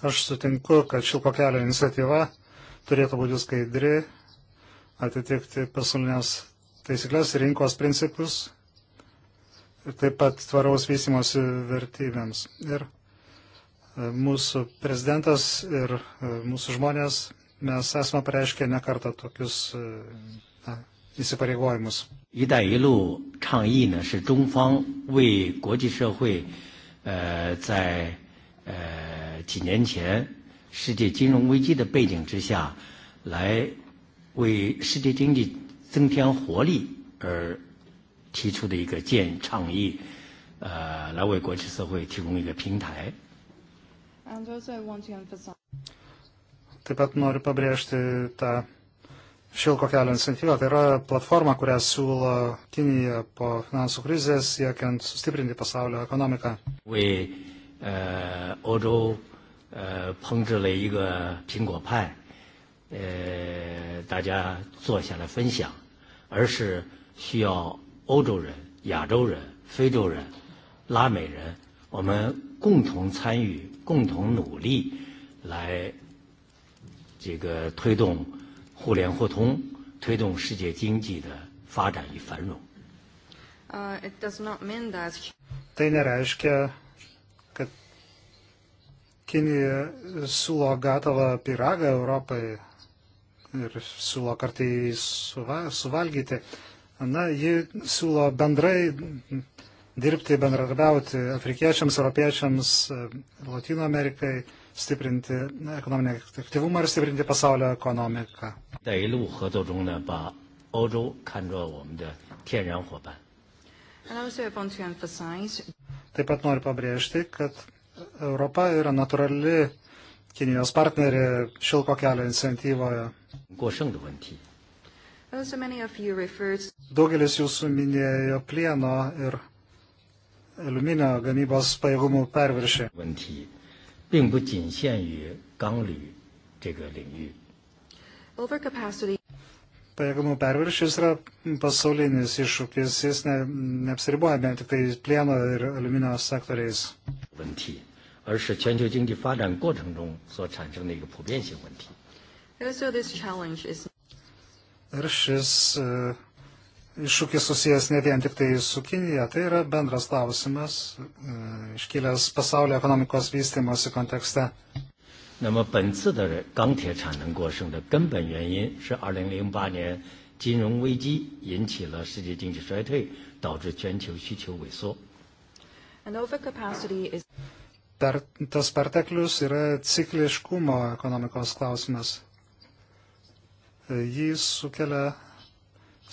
Aš sutinku, kad šilko kelio iniciatyva turėtų būti skaidri, atitikti pasaulinės taisyklės, rinkos principus taip pat tvaraus vystimosi vertybėms. Ir e, mūsų prezidentas ir e, mūsų žmonės, mes esame pareiškę nekartą tokius e, na, įsipareigojimus. 一带一路倡议呢，是中方为国际社会，呃，在呃几年前世界金融危机的背景之下，来为世界经济增添活力而提出的一个建倡议，呃，来为国际社会提供一个平台。Taip pat noriu pabrėžti tą šilko kelio iniciatyvą. Tai yra platforma, kurią siūlo Kinija po finansų krizės, siekiant sustiprinti pasaulio ekonomiką. We, e, uh, Odo, uh, e, 呃，大家坐下来分享，而是需要欧洲人、亚洲人、非洲人、拉美人，我们共同参与、共同努力，来这个推动互联互通，推动世界经济的发展与繁荣。Uh, it does not mean that... Tai nereiškia, kad Kinija siūlo gatavą piragą Europai ir siūlo kartai suva, suvalgyti. Uh, Na, ji siūlo bendrai dirbti, bendradarbiauti afrikiečiams, europiečiams, Latino Amerikai, stiprinti ekonominį aktyvumą ir stiprinti pasaulio ekonomiką. 欧洲看作我们的天然伙伴。Taip pat noriu pabrėžti, kad Europa yra natūrali Kinijos partnerė šilko kelio iniciatyvoje. Daugelis jūsų minėjo plieno ir aliuminio gamybos pajėgumų perviršį. Pajėgumų perviršis yra pasaulinis iššūkis, jis ne, neapsiriboja bent tik tai plieno ir aliuminio sektoriais. 问题，而是全球经济发展过程中所产生的一个普遍性问题。Also, this challenge is Ir šis e, iššūkis susijęs ne vien tik tai su Kinija, tai yra bendras klausimas, e, iškilęs pasaulio ekonomikos vystimosi kontekste. 那么本次的钢铁产能过剩的根本原因是2008年金融危机引起了世界经济衰退，导致全球需求萎缩。Per, tas perteklius yra cikliškumo ekonomikos klausimas. Jį sukelia,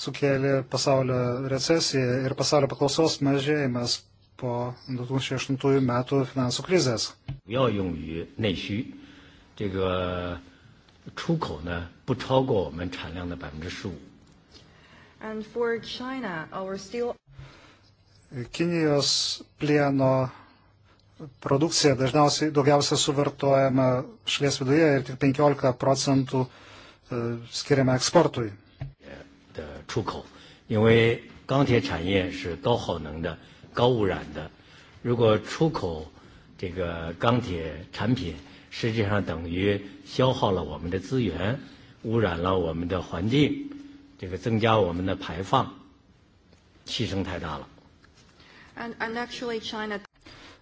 sukėlė pasaulio recesija ir pasaulio paklausos mažėjimas po 2008 metų finansų krizės. 这个出口呢不超过我们产量的百分之十五。And for China, our steel. Kinijos plieno produkcija dažniausiai daugiausia suvartojama šalies viduje ir tik 15 procentų uh, skiriame eksportui. Yeah, 实际上等于消耗了我们的资源，污染了我们的环境，这个增加我们的排放，牺牲太大了。And, and actually China...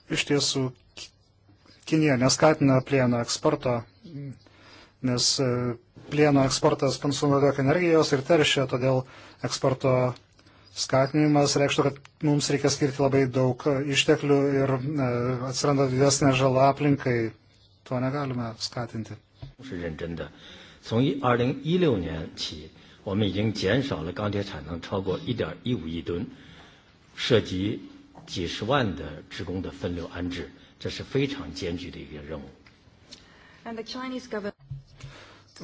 Iš tiesų, Kinija neskatina plieno eksporto, nes plieno eksportas konsumuoja daug energijos ir teršia, todėl eksporto skatinimas reikštų, kad mums reikia skirti labai daug išteklių ir e, atsiranda didesnė žala aplinkai. To negalime skatinti. 是认真的。从二零一六年起，我们已经减少了钢铁产能超过一点一五亿吨，涉及几十万的职工的分流安置，这是非常艰巨的一个任务。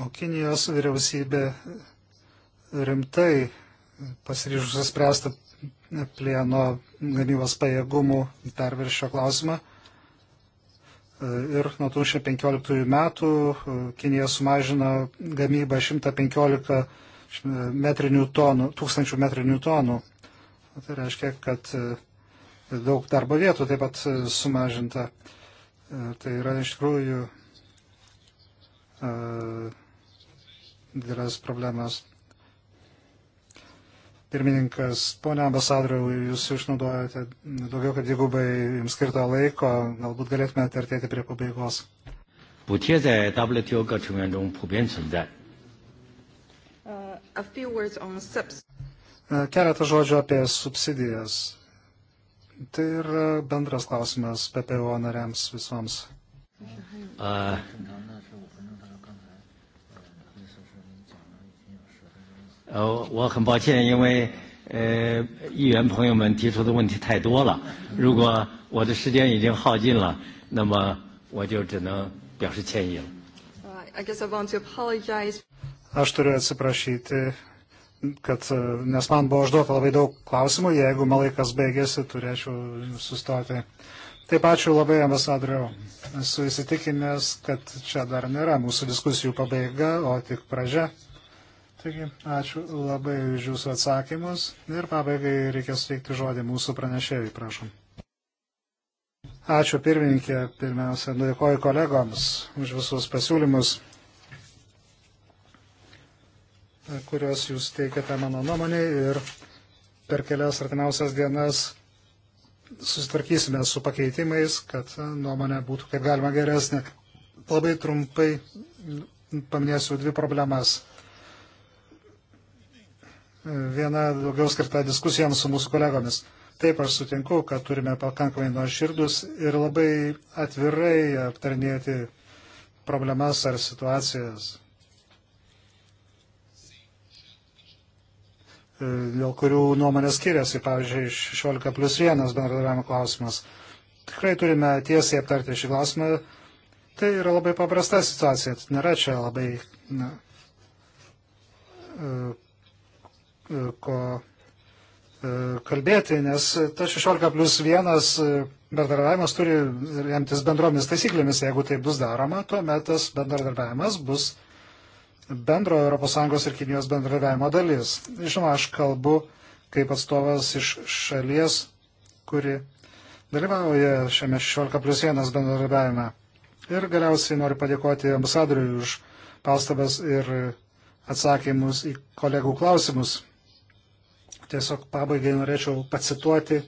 O Kinijos vyriausybė rimtai pasiryžusi spręsti plieno gamybos pajėgumų perviršio klausimą. Ir nuo 2015 metų Kinija sumažino gamybą 115 metrinių tonų, tūkstančių metrinių tonų. Tai reiškia, kad daug darbo vietų taip pat sumažinta. Tai yra iš tikrųjų didelės problemas. Pirmininkas, ponia ambasadoriau, jūs išnaudojate daugiau kaip dvigubai jums skirto laiko, galbūt galėtumėte artėti prie pabaigos. 补贴在 WTO 各成员中普遍存在。Keletą žodžių apie subsidijas. Tai yra bendras klausimas PPO nariams visoms. Uh, 呃，我很抱歉，因为呃，议员朋友们提出的问题太多了，如果我的时间已经耗尽了，那么我就只能表示歉意了。I guess I want to apologize. Aš turiu atsiprašyti, kad, nes man buvo užduota labai daug klausimų, jeigu man laikas baigėsi, turėčiau sustoti. Taip ačiū labai, ambasadoriau. Esu įsitikinęs, kad čia dar nėra mūsų diskusijų pabaiga, o tik pradžia. Taigi, ačiū labai už Jūsų atsakymus ir pabaigai reikia suteikti žodį mūsų pranešėjai, prašom. Ačiū pirmininkė, pirmiausia, dėkoju kolegoms už visus pasiūlymus, kuriuos Jūs teikiate mano nuomonė ir per kelias artimiausias dienas susitvarkysime su pakeitimais, kad nuomonė būtų kaip galima geresnė. Labai trumpai paminėsiu dvi problemas viena daugiau skirta diskusijoms su mūsų kolegomis. Taip aš sutinku, kad turime pakankamai nuoširdus ir labai atvirai aptarnėti problemas ar situacijas, e, dėl kurių nuomonės skiriasi, pavyzdžiui, 16 plus 1 bendradarbiavimo klausimas. Tikrai turime tiesiai aptarti šį klausimą. Tai yra labai paprasta situacija, nėra čia labai na, e, ko e, kalbėti, nes ta 16 plus 1 e, bendradarbiavimas turi remtis bendromis taisyklėmis. Jeigu tai bus daroma, tuomet tas bendradarbiavimas bus bendro ES ir Kinijos bendradarbiavimo dalis. Žinoma, aš kalbu kaip atstovas iš šalies, kuri dalyvauja šiame 16 plus 1 bendradarbiavime. Ir galiausiai noriu padėkoti ambasadoriui už pastabas ir atsakymus į kolegų klausimus. Tiesiog pabaigai norėčiau pacituoti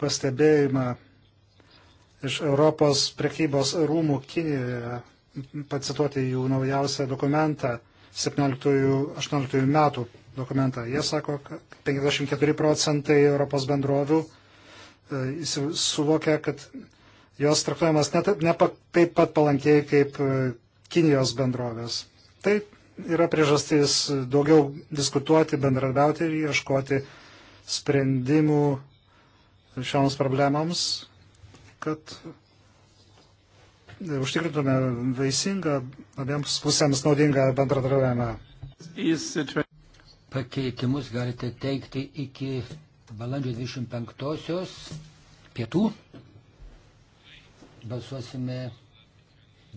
pastebėjimą iš Europos prekybos rūmų Kinijoje, pacituoti jų naujausią dokumentą, 17-18 metų dokumentą. Jie sako, kad 54 procentai Europos bendrovių e, suvokia, kad jos traktuojamas ne, ne pa, taip pat palankiai kaip e, Kinijos bendrovės. Tai yra priežastis daugiau diskutuoti, bendradarbiauti ir ieškoti sprendimų šioms problemams, kad užtikrintume vaisingą, abiems pusėms naudingą bendradarbiavimą. Pakeitimus galite teikti iki balandžio 25-osios pietų. Balsuosime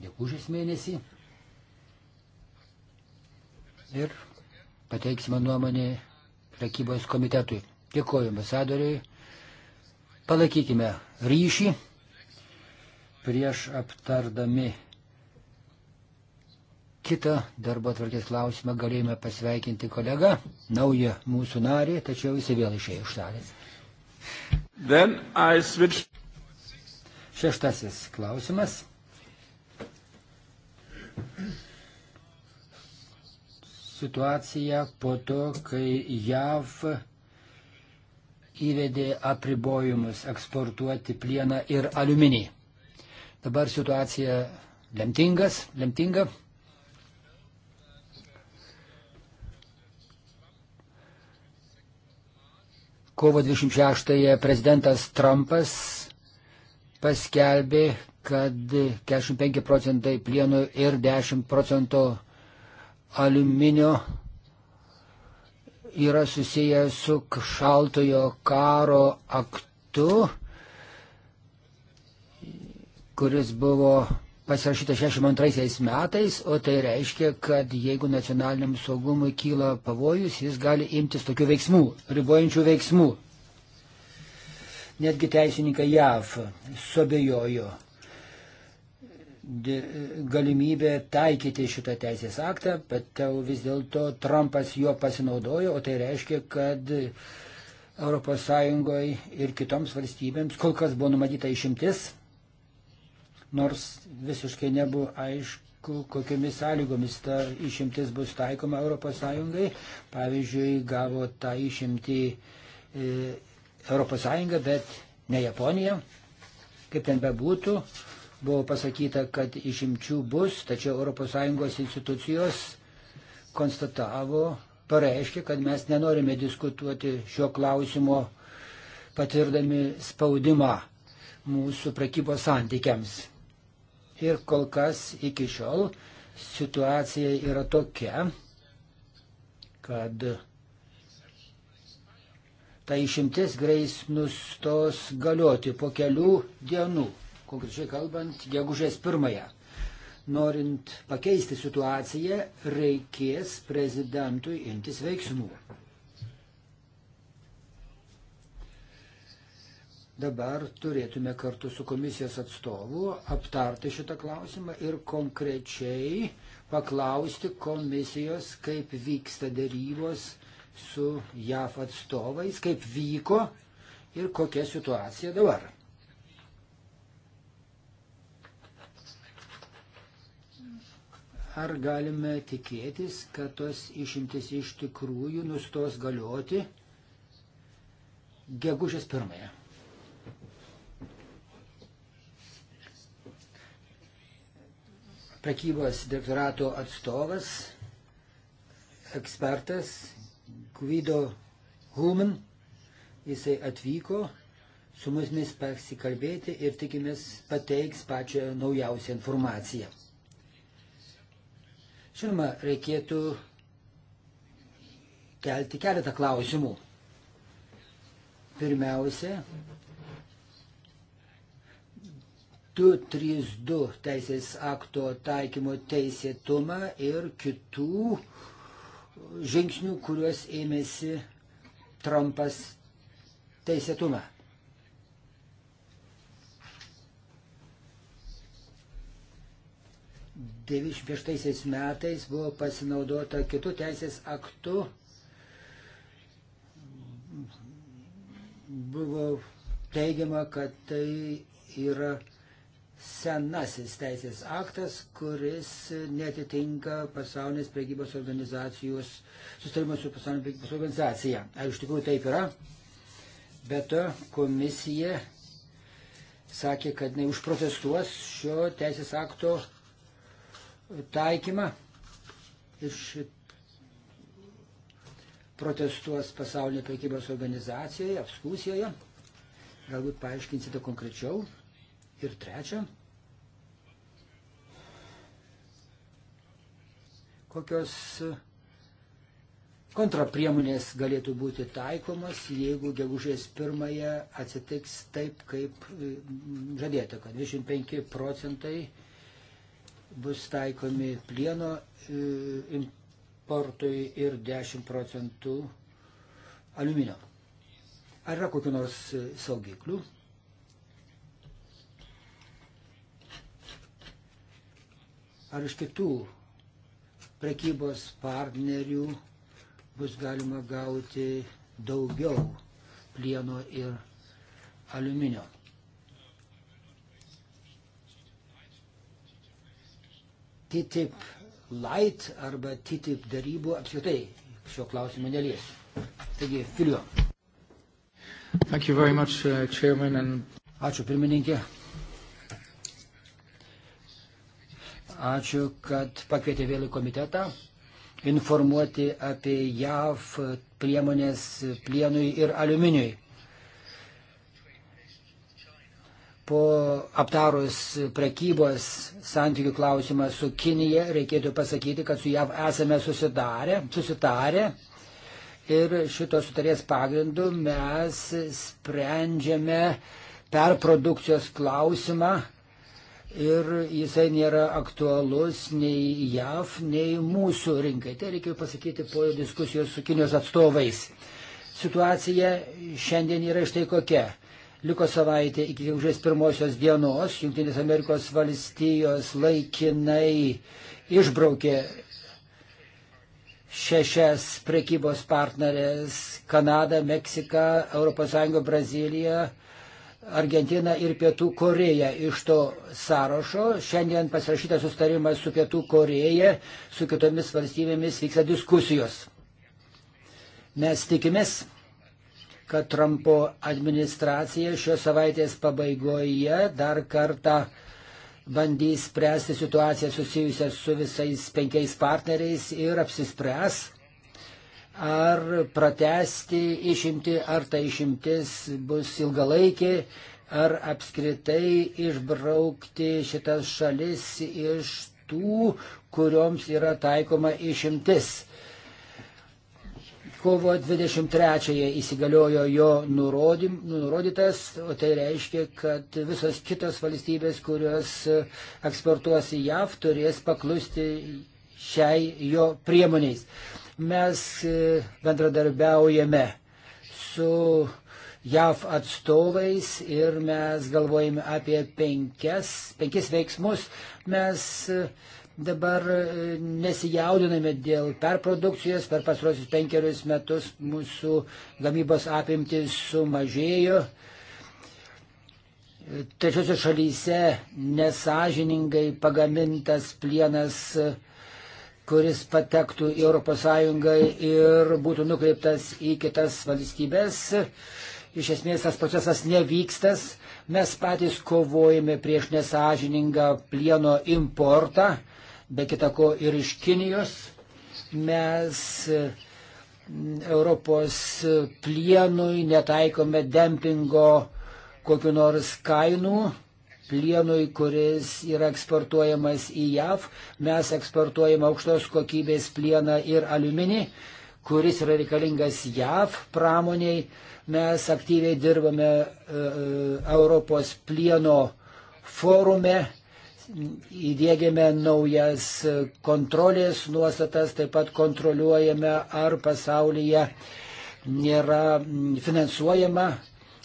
gegužės mėnesį ir pateiksime nuomonį prekybos komitetui. Dėkuoju ambasadoriui. Palaikykime ryšį prieš aptardami kitą darbo atvarkės klausimą galėjome pasveikinti kolegą, naują mūsų narį, tačiau jis vėl išėjo iš salės. Switch... Šeštasis klausimas situaciją po to, kai JAV įvedė apribojimus eksportuoti plieną ir aliuminį. Dabar situacija lemtingas, lemtinga. Kovo 26-ąją prezidentas Trumpas paskelbė, kad 45 procentai plieno ir 10 procentų aliuminio yra susiję su šaltojo karo aktu, kuris buvo pasirašytas 62 metais, o tai reiškia, kad jeigu nacionaliniam saugumui kyla pavojus, jis gali imtis tokių veiksmų, ribojančių veiksmų. Netgi teisininkai JAV sobejojo galimybė taikyti šitą teisės aktą, bet tau vis dėlto Trumpas juo pasinaudojo, o tai reiškia, kad ES ir kitoms valstybėms kol kas buvo numatyta išimtis, nors visiškai nebuvo aišku, kokiamis sąlygomis ta išimtis bus taikoma ES. Pavyzdžiui, gavo tą išimtį ES, bet ne Japonija, kaip ten bebūtų buvo pasakyta, kad išimčių bus, tačiau ES institucijos konstatavo, pareiškė, kad mes nenorime diskutuoti šio klausimo patirdami spaudimą mūsų prekybos santykiams. Ir kol kas iki šiol situacija yra tokia, kad ta išimtis greis nustos galioti po kelių dienų konkrečiai kalbant, gegužės pirmąją. Norint pakeisti situaciją, reikės prezidentui imtis veiksmų. Dabar turėtume kartu su komisijos atstovu aptarti šitą klausimą ir konkrečiai paklausti komisijos, kaip vyksta dėrybos su JAF atstovais, kaip vyko ir kokia situacija dabar. Ar galime tikėtis, kad tos išimtis iš tikrųjų nustos galioti gegužės pirmąją? Prekybos direktorato atstovas, ekspertas Guido Human, jisai atvyko su mumis pasikalbėti ir tikimės pateiks pačią naujausią informaciją. Žinoma, reikėtų kelti keletą klausimų. Pirmiausia, 232 teisės akto taikymo teisėtumą ir kitų žingsnių, kuriuos ėmėsi Trumpas teisėtumą. 96 metais buvo pasinaudota kitų teisės aktų, buvo teigiama, kad tai yra senasis teisės aktas, kuris netitinka pasaulinės prekybos organizacijos, sustarimo su pasaulinė prekybos organizacija. Ar iš tikrųjų taip yra? Bet komisija sakė, kad neužprotestuos šio teisės akto taikymą ir šit protestuos pasaulio prekybos organizacijoje, apskusijoje. Galbūt paaiškinsite konkrečiau. Ir trečia, kokios kontrapriemonės galėtų būti taikomas, jeigu gegužės pirmąją atsitiks taip, kaip žadėta, kad 25 procentai bus taikomi plieno e, importui ir 10 procentų aliuminio. Ar yra kokiu nors e, saugikliu? Ar iš kitų prekybos partnerių bus galima gauti daugiau plieno ir aliuminio? TTIP light arba TTIP darybų apskritai šio klausimo neliesiu. Taigi, Filio. Much, uh, chairman, and... Ačiū pirmininkė. Ačiū, kad pakvietė vėl į komitetą informuoti apie JAV priemonės plienui ir aliuminiui. po aptarus prekybos santykių klausimą su Kinija, reikėtų pasakyti, kad su JAV esame susidarę, susitarę ir šitos sutarės pagrindu mes sprendžiame perprodukcijos klausimą ir jisai nėra aktualus nei JAV, nei mūsų rinkai. Tai reikia pasakyti po diskusijos su Kinijos atstovais. Situacija šiandien yra štai kokia Liko savaitė iki gegužės pirmosios dienos. Junktinės Amerikos valstijos laikinai išbraukė šešias prekybos partnerės - Kanadą, Meksiką, ES, Braziliją, Argentiną ir Pietų Koreją iš to sąrašo. Šiandien pasirašytas sustarimas su Pietų Koreja, su kitomis valstybėmis vyksta diskusijos. Mes tikimės, kad Trumpo administracija šios savaitės pabaigoje dar kartą bandys spręsti situaciją susijusią su visais penkiais partneriais ir apsispręs, ar pratesti išimti, ar ta išimtis bus ilgalaikė, ar apskritai išbraukti šitas šalis iš tų, kurioms yra taikoma išimtis. Kovo 23-ąją įsigaliojo jo nurodym, nurodytas, o tai reiškia, kad visos kitos valstybės, kurios eksportuos į JAV, turės paklusti šiai jo priemoniais. Mes e, bendradarbiaujame su JAV atstovais ir mes galvojame apie penkias, penkis veiksmus. Mes e, dabar e, nesijaudiname dėl perprodukcijos. Per pasruosius penkerius metus mūsų gamybos apimtis sumažėjo. Trečiosios šalyse nesažiningai pagamintas plienas, kuris patektų į ES ir būtų nukreiptas į kitas valstybės. Iš esmės tas procesas nevykstas. Mes patys kovojame prieš nesažiningą plieno importą be kitako ir iš Kinijos. Mes mm, Europos plienui netaikome dempingo kokiu nors kainų. Plienui, kuris yra eksportuojamas į JAV, mes eksportuojame aukštos kokybės plieną ir aliuminį, kuris yra reikalingas JAV pramoniai. Mes aktyviai dirbame e, e Europos plieno forume įdėgėme naujas kontrolės nuostatas, taip pat kontroliuojame, ar pasaulyje nėra finansuojama,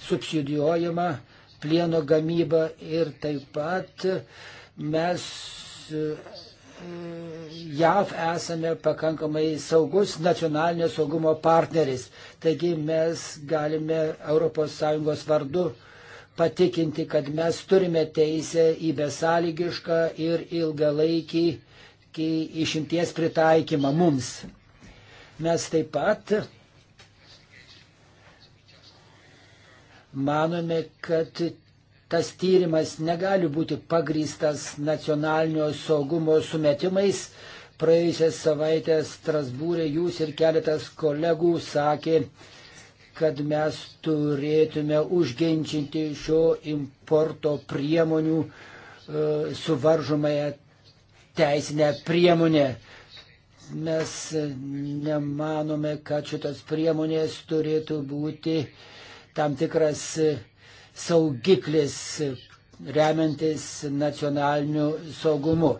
subsidijuojama plieno gamyba ir taip pat mes e, JAV esame pakankamai saugus nacionalinio saugumo partneris. Taigi mes galime ES vardu patikinti, kad mes turime teisę į besąlygišką ir ilgalaikį išimties pritaikymą mums. Mes taip pat manome, kad tas tyrimas negali būti pagrystas nacionalinio saugumo sumetimais. Praėjusią savaitę Strasbūrė jūs ir keletas kolegų sakė, kad mes turėtume užgenčinti šio importo priemonių e, suvaržomąją teisinę priemonę. Mes nemanome, kad šitas priemonės turėtų būti tam tikras saugiklis remiantis nacionaliniu saugumu.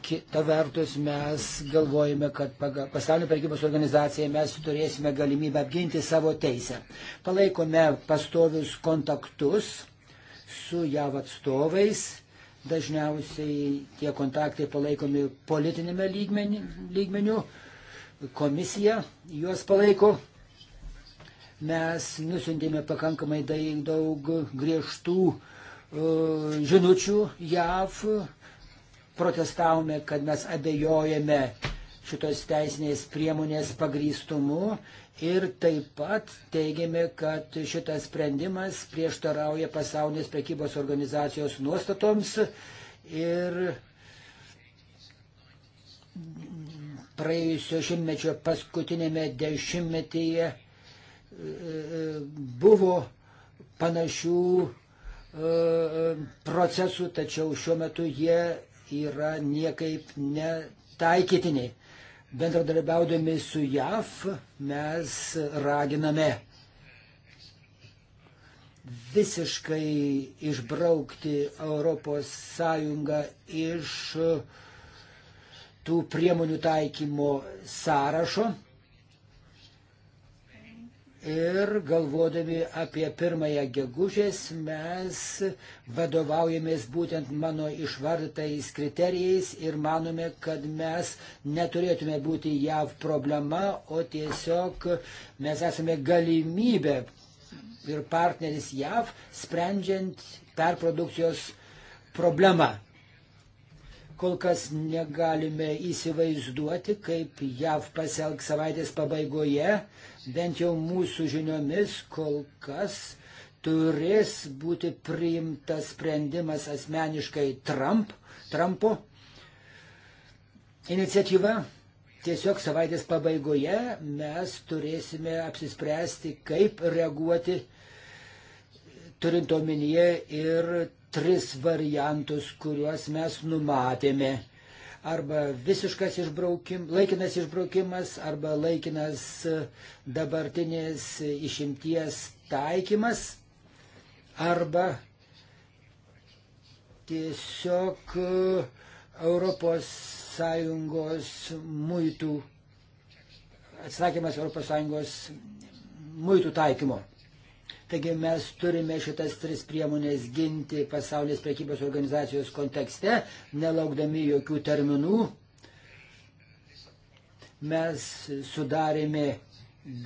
Kita vertus, mes galvojame, kad pagal pasaulio prekybos organizaciją mes turėsime galimybę apginti savo teisę. Palaikome pastovius kontaktus su JAV atstovais. Dažniausiai tie kontaktai palaikomi politinėme lygmeniu. Komisija juos palaiko mes nusintėme pakankamai daug griežtų e, žinučių JAV protestavome, kad mes abejojame šitos teisinės priemonės pagrystumu ir taip pat teigiame, kad šitas sprendimas prieštarauja pasaulinės prekybos organizacijos nuostatoms ir praėjusio šimtmečio paskutinėme dešimtmetyje e, e, buvo panašių e, procesų, tačiau šiuo metu jie yra niekaip netaikytini. Bendradarbiaudami su JAV mes raginame visiškai išbraukti ES iš tų priemonių taikymo sąrašo Ir galvodami apie pirmąją gegužės mes vadovaujamės būtent mano išvardytais kriterijais ir manome, kad mes neturėtume būti JAV problema, o tiesiog mes esame galimybė ir partneris JAV sprendžiant perprodukcijos problemą. Kol kas negalime įsivaizduoti, kaip JAV pasielgs savaitės pabaigoje, bent jau mūsų žiniomis kol kas turės būti priimtas sprendimas asmeniškai Trump, Trumpo iniciatyva. Tiesiog savaitės pabaigoje mes turėsime apsispręsti, kaip reaguoti, turint omenyje ir tris variantus, kuriuos mes numatėme. Arba visiškas išbraukimas, laikinas išbraukimas, arba laikinas dabartinės išimties taikymas, arba tiesiog Europos Sąjungos muitų, atsakymas Europos Sąjungos muitų taikymo. Taigi mes turime šitas tris priemonės ginti pasaulinės prekybos organizacijos kontekste, nelaukdami jokių terminų. Mes sudarėme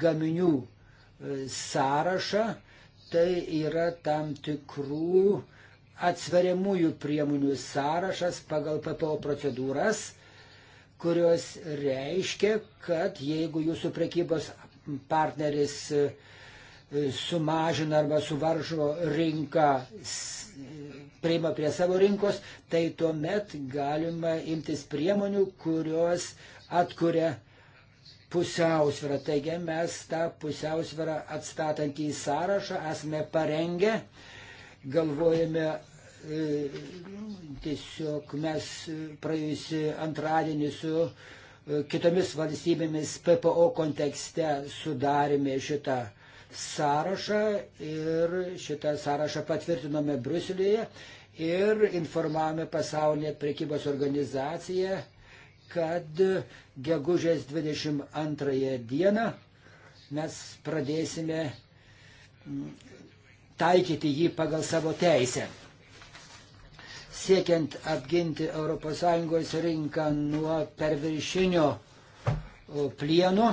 gaminių e, sąrašą, tai yra tam tikrų atsveriamųjų priemonių sąrašas pagal PPO procedūras, kurios reiškia, kad jeigu jūsų prekybos partneris uh, sumažina arba suvaržo rinką, prieima prie savo rinkos, tai tuomet galima imtis priemonių, kurios atkuria pusiausvyrą. Taigi mes tą pusiausvyrą atstatantį sąrašą esame parengę, galvojame e, tiesiog mes praėjusi antradienį su e, kitomis valstybėmis PPO kontekste sudarėme šitą uh, sąrašą ir šitą sąrašą patvirtinome Bruselėje ir informavome pasaulinę prekybos organizaciją, kad gegužės 22 dieną mes pradėsime mm, taikyti jį pagal savo teisę. Siekiant apginti ES rinką nuo perviršinio plieno,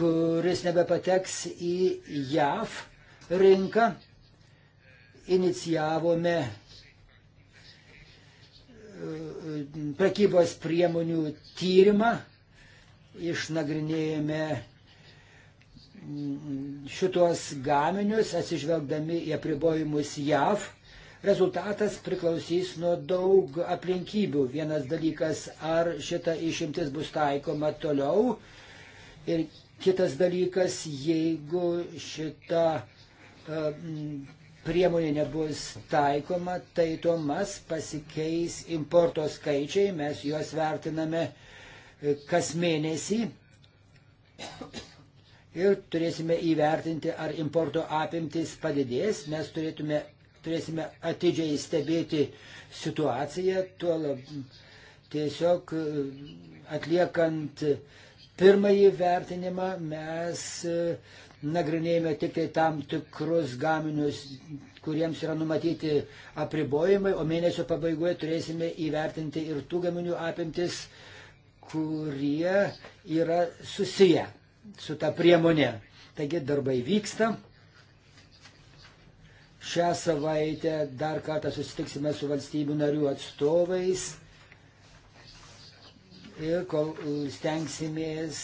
kuris nebepateks į JAV rinką, inicijavome e, prekybos priemonių tyrimą, išnagrinėjome mm, šitos gaminius, atsižvelgdami į apribojimus JAV. Rezultatas priklausys nuo daug aplinkybių. Vienas dalykas, ar šita išimtis bus taikoma toliau ir Kitas dalykas, jeigu šita e, priemonė nebus taikoma, tai tuomas pasikeis importo skaičiai, mes juos vertiname e, kas mėnesį ir turėsime įvertinti, ar importo apimtis padidės, mes turėtume, turėsime atidžiai stebėti situaciją, tuo lab, tiesiog e, atliekant uh, Pirmąjį vertinimą mes e, nagrinėjame tik tai tam tikrus gaminius, kuriems yra numatyti apribojimai, o mėnesio pabaigoje turėsime įvertinti ir tų gaminių apimtis, kurie yra susiję su ta priemonė. Taigi darbai vyksta. Šią savaitę dar kartą susitiksime su valstybių narių atstovais ir kol stengsimės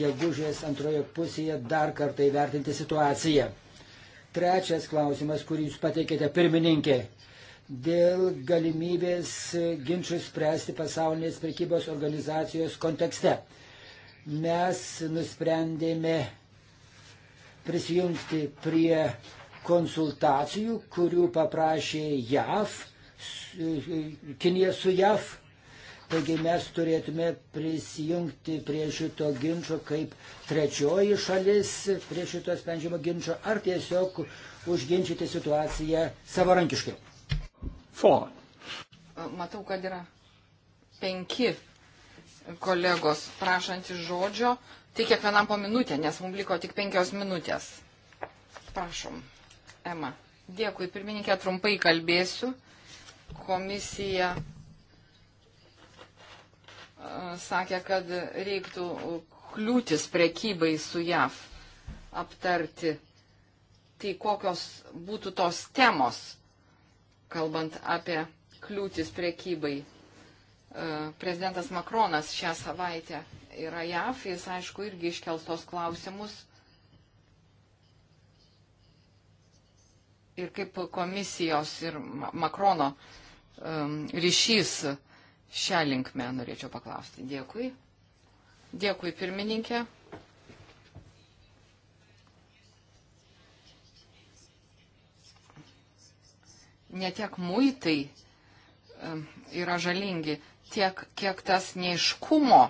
gegužės antroje pusėje dar kartą įvertinti situaciją. Trečias klausimas, kurį jūs pateikėte pirmininkė, dėl galimybės ginčius spręsti pasaulinės prekybos organizacijos kontekste. Mes nusprendėme prisijungti prie konsultacijų, kurių paprašė JAV, Kinija su JAV Taigi mes turėtume prisijungti prie šito ginčio kaip trečioji šalis prie šito sprendžiamo ginčio ar tiesiog užginčyti situaciją savarankiškai. For. Matau, kad yra penki kolegos prašantis žodžio. Tai kiekvienam po minutę, nes mums liko tik penkios minutės. Prašom, Ema. Dėkui, pirmininkė, trumpai kalbėsiu. Komisija sakė, kad reiktų kliūtis prekybai su JAV aptarti. Tai kokios būtų tos temos, kalbant apie kliūtis prekybai. E, prezidentas Makronas šią savaitę yra JAF, jis aišku irgi iškelstos klausimus. Ir kaip komisijos ir Makrono ryšys šią linkmę norėčiau paklausti. Dėkui. Dėkui, pirmininkė. Ne tiek muitai yra žalingi, tiek kiek tas neiškumo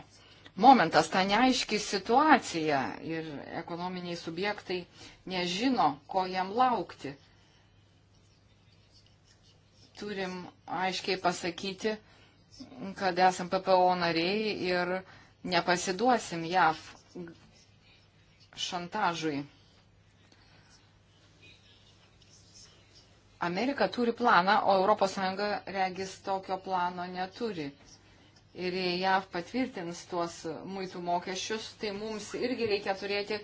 momentas, ta neaiški situacija ir ekonominiai subjektai nežino, ko jam laukti. Turim aiškiai pasakyti, kad esam PPO nariai ir nepasiduosim JAV šantažui. Amerika turi planą, o ES regis tokio plano neturi. Ir jei JAV patvirtins tuos muitų mokesčius, tai mums irgi reikia turėti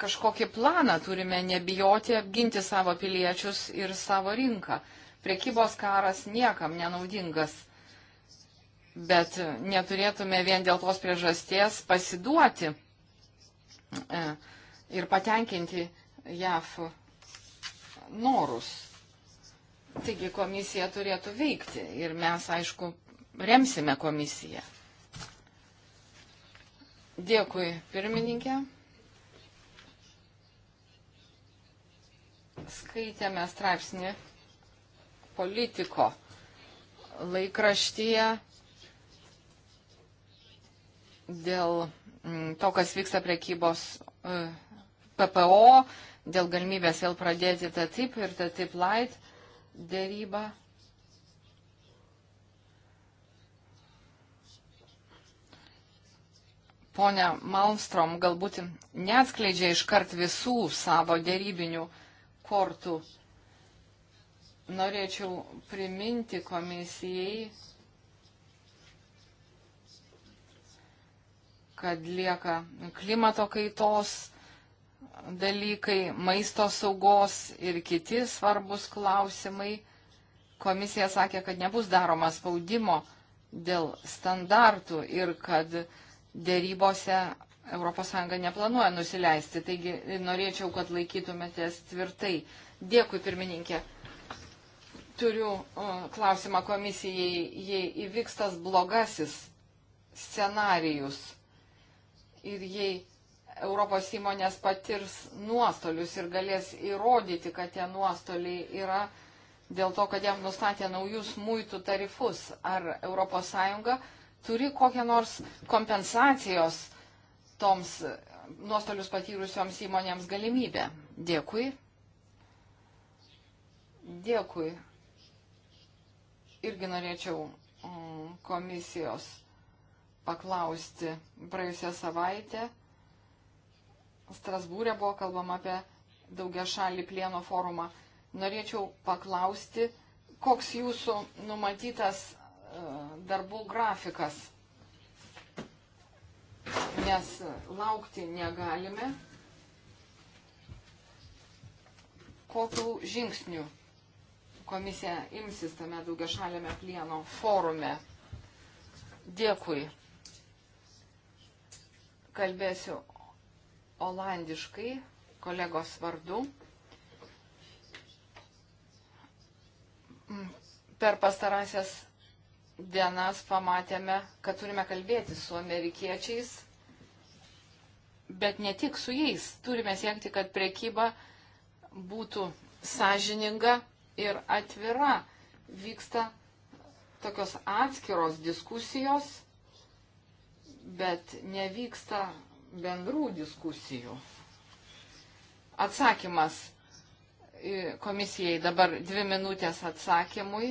kažkokį planą, turime nebijoti apginti savo piliečius ir savo rinką. Prekybos karas niekam nenaudingas bet neturėtume vien dėl tos priežasties pasiduoti e, ir patenkinti JAF norus. Taigi komisija turėtų veikti ir mes, aišku, remsime komisiją. Dėkui, pirmininkė. Skaitėme straipsnį politiko laikraštyje dėl mm, to, kas vyksta prekybos e, PPO, dėl galimybės vėl pradėti tą tip ir tą tip light dėrybą. Pone Malmstrom galbūt neatskleidžia iškart visų savo dėrybinių kortų. Norėčiau priminti komisijai, kad lieka klimato kaitos dalykai, maisto saugos ir kiti svarbus klausimai. Komisija sakė, kad nebus daroma spaudimo dėl standartų ir kad dėrybose ES neplanuoja nusileisti. Taigi norėčiau, kad laikytumėtės tvirtai. Dėkui, pirmininkė. Turiu uh, klausimą komisijai, jei įvyks tas blogasis scenarijus ir jei Europos įmonės patirs nuostolius ir galės įrodyti, kad tie nuostoliai yra dėl to, kad jam nustatė naujus muitų tarifus, ar ES turi kokią nors kompensacijos toms nuostolius patyrusioms įmonėms galimybę. Dėkui. Dėkui. Irgi norėčiau mm, komisijos paklausti. Praėjusią savaitę Strasbūrė buvo kalbama apie daugia šalį plieno forumą. Norėčiau paklausti, koks jūsų numatytas e, darbų grafikas, nes laukti negalime. Kokių žingsnių komisija imsis tame daugia šalėme plieno forume? Dėkui kalbėsiu olandiškai kolegos vardu. Mm, per pastarąsias dienas pamatėme, kad turime kalbėti su amerikiečiais, bet ne tik su jais. Turime siekti, kad priekyba būtų sąžininga ir atvira. Vyksta tokios atskiros diskusijos bet nevyksta bendrų diskusijų. Atsakymas komisijai dabar dvi minutės atsakymui.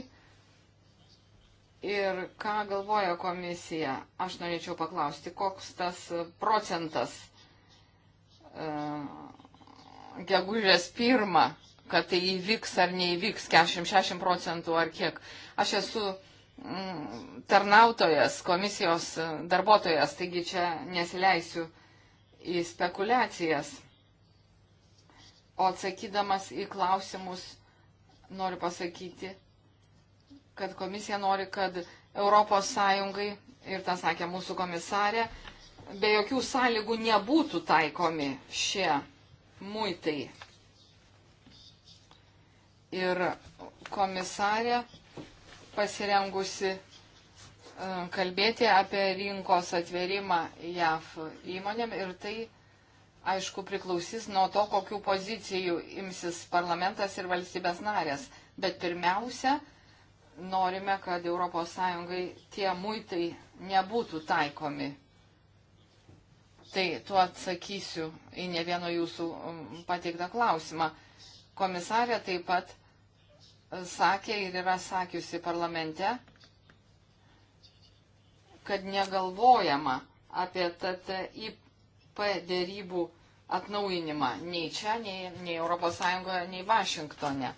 Ir ką galvoja komisija? Aš norėčiau paklausti, koks tas procentas uh, gegužės pirmą, kad tai įvyks ar neįvyks, 46 procentų ar kiek. Aš esu uh, Mm, tarnautojas, komisijos darbuotojas, taigi čia nesileisiu į spekulacijas. O atsakydamas į klausimus noriu pasakyti, kad komisija nori, kad ES ir tą sakė mūsų komisarė, be jokių sąlygų nebūtų taikomi šie muitai. Ir komisarė pasirengusi e, kalbėti apie rinkos atverimą JAF įmonėm ir tai, aišku, priklausys nuo to, kokių pozicijų imsis parlamentas ir valstybės narės. Bet pirmiausia, norime, kad ES tie muitai nebūtų taikomi. Tai tuo atsakysiu į ne vieno jūsų pateiktą klausimą. Komisarė taip pat sakė ir yra sakiusi parlamente, kad negalvojama apie TTIP dėrybų atnaujinimą nei čia, nei, nei ES, nei Vašingtone.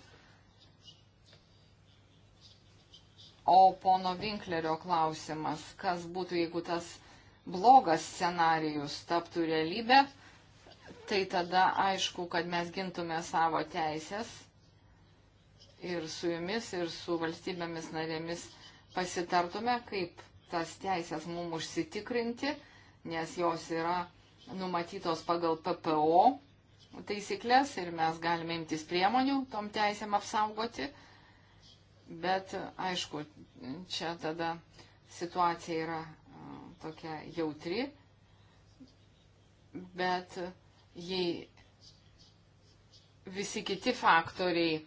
O pono Vinklerio klausimas, kas būtų, jeigu tas blogas scenarijus taptų realybę, tai tada aišku, kad mes gintume savo teisės ir su jumis, ir su valstybėmis narėmis pasitartume, kaip tas teisės mums užsitikrinti, nes jos yra numatytos pagal PPO taisyklės ir mes galime imtis priemonių tom teisėm apsaugoti. Bet aišku, čia tada situacija yra tokia jautri, bet jei visi kiti faktoriai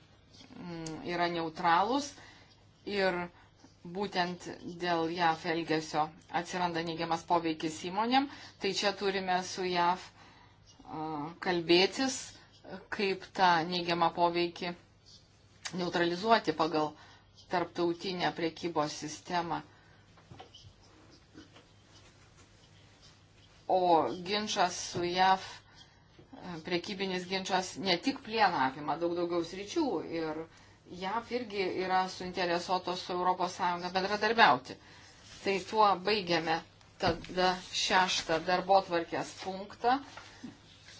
Mm, yra neutralūs ir būtent dėl JAF elgesio atsiranda neigiamas poveikis įmonėm, tai čia turime su JAF kalbėtis, kaip tą neigiamą poveikį neutralizuoti pagal tarptautinę priekybos sistemą. O ginčas su JAF prekybinis ginčas ne tik plieną apima daug daugiau sričių ir JAV irgi yra suinteresuotos su ES bendradarbiauti. Tai tuo baigiame tada šeštą darbo tvarkės punktą.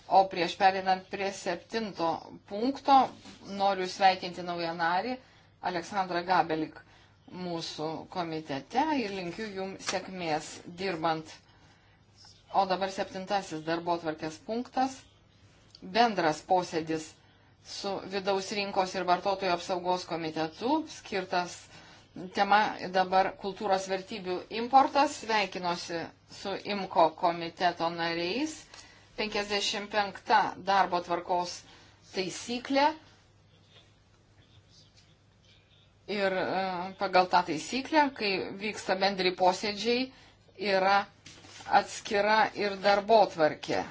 O prieš perinant prie septinto punkto noriu sveikinti naują narį Aleksandrą Gabelik mūsų komitete ir linkiu jums sėkmės dirbant. O dabar septintasis darbo tvarkės punktas bendras posėdis su vidaus rinkos ir vartotojų apsaugos komitetu skirtas tema dabar kultūros vertybių importas. Sveikinosi su IMKO komiteto nariais. 55 darbo tvarkos taisyklė. Ir e, pagal tą taisyklę, kai vyksta bendri posėdžiai, yra atskira ir darbo tvarkė.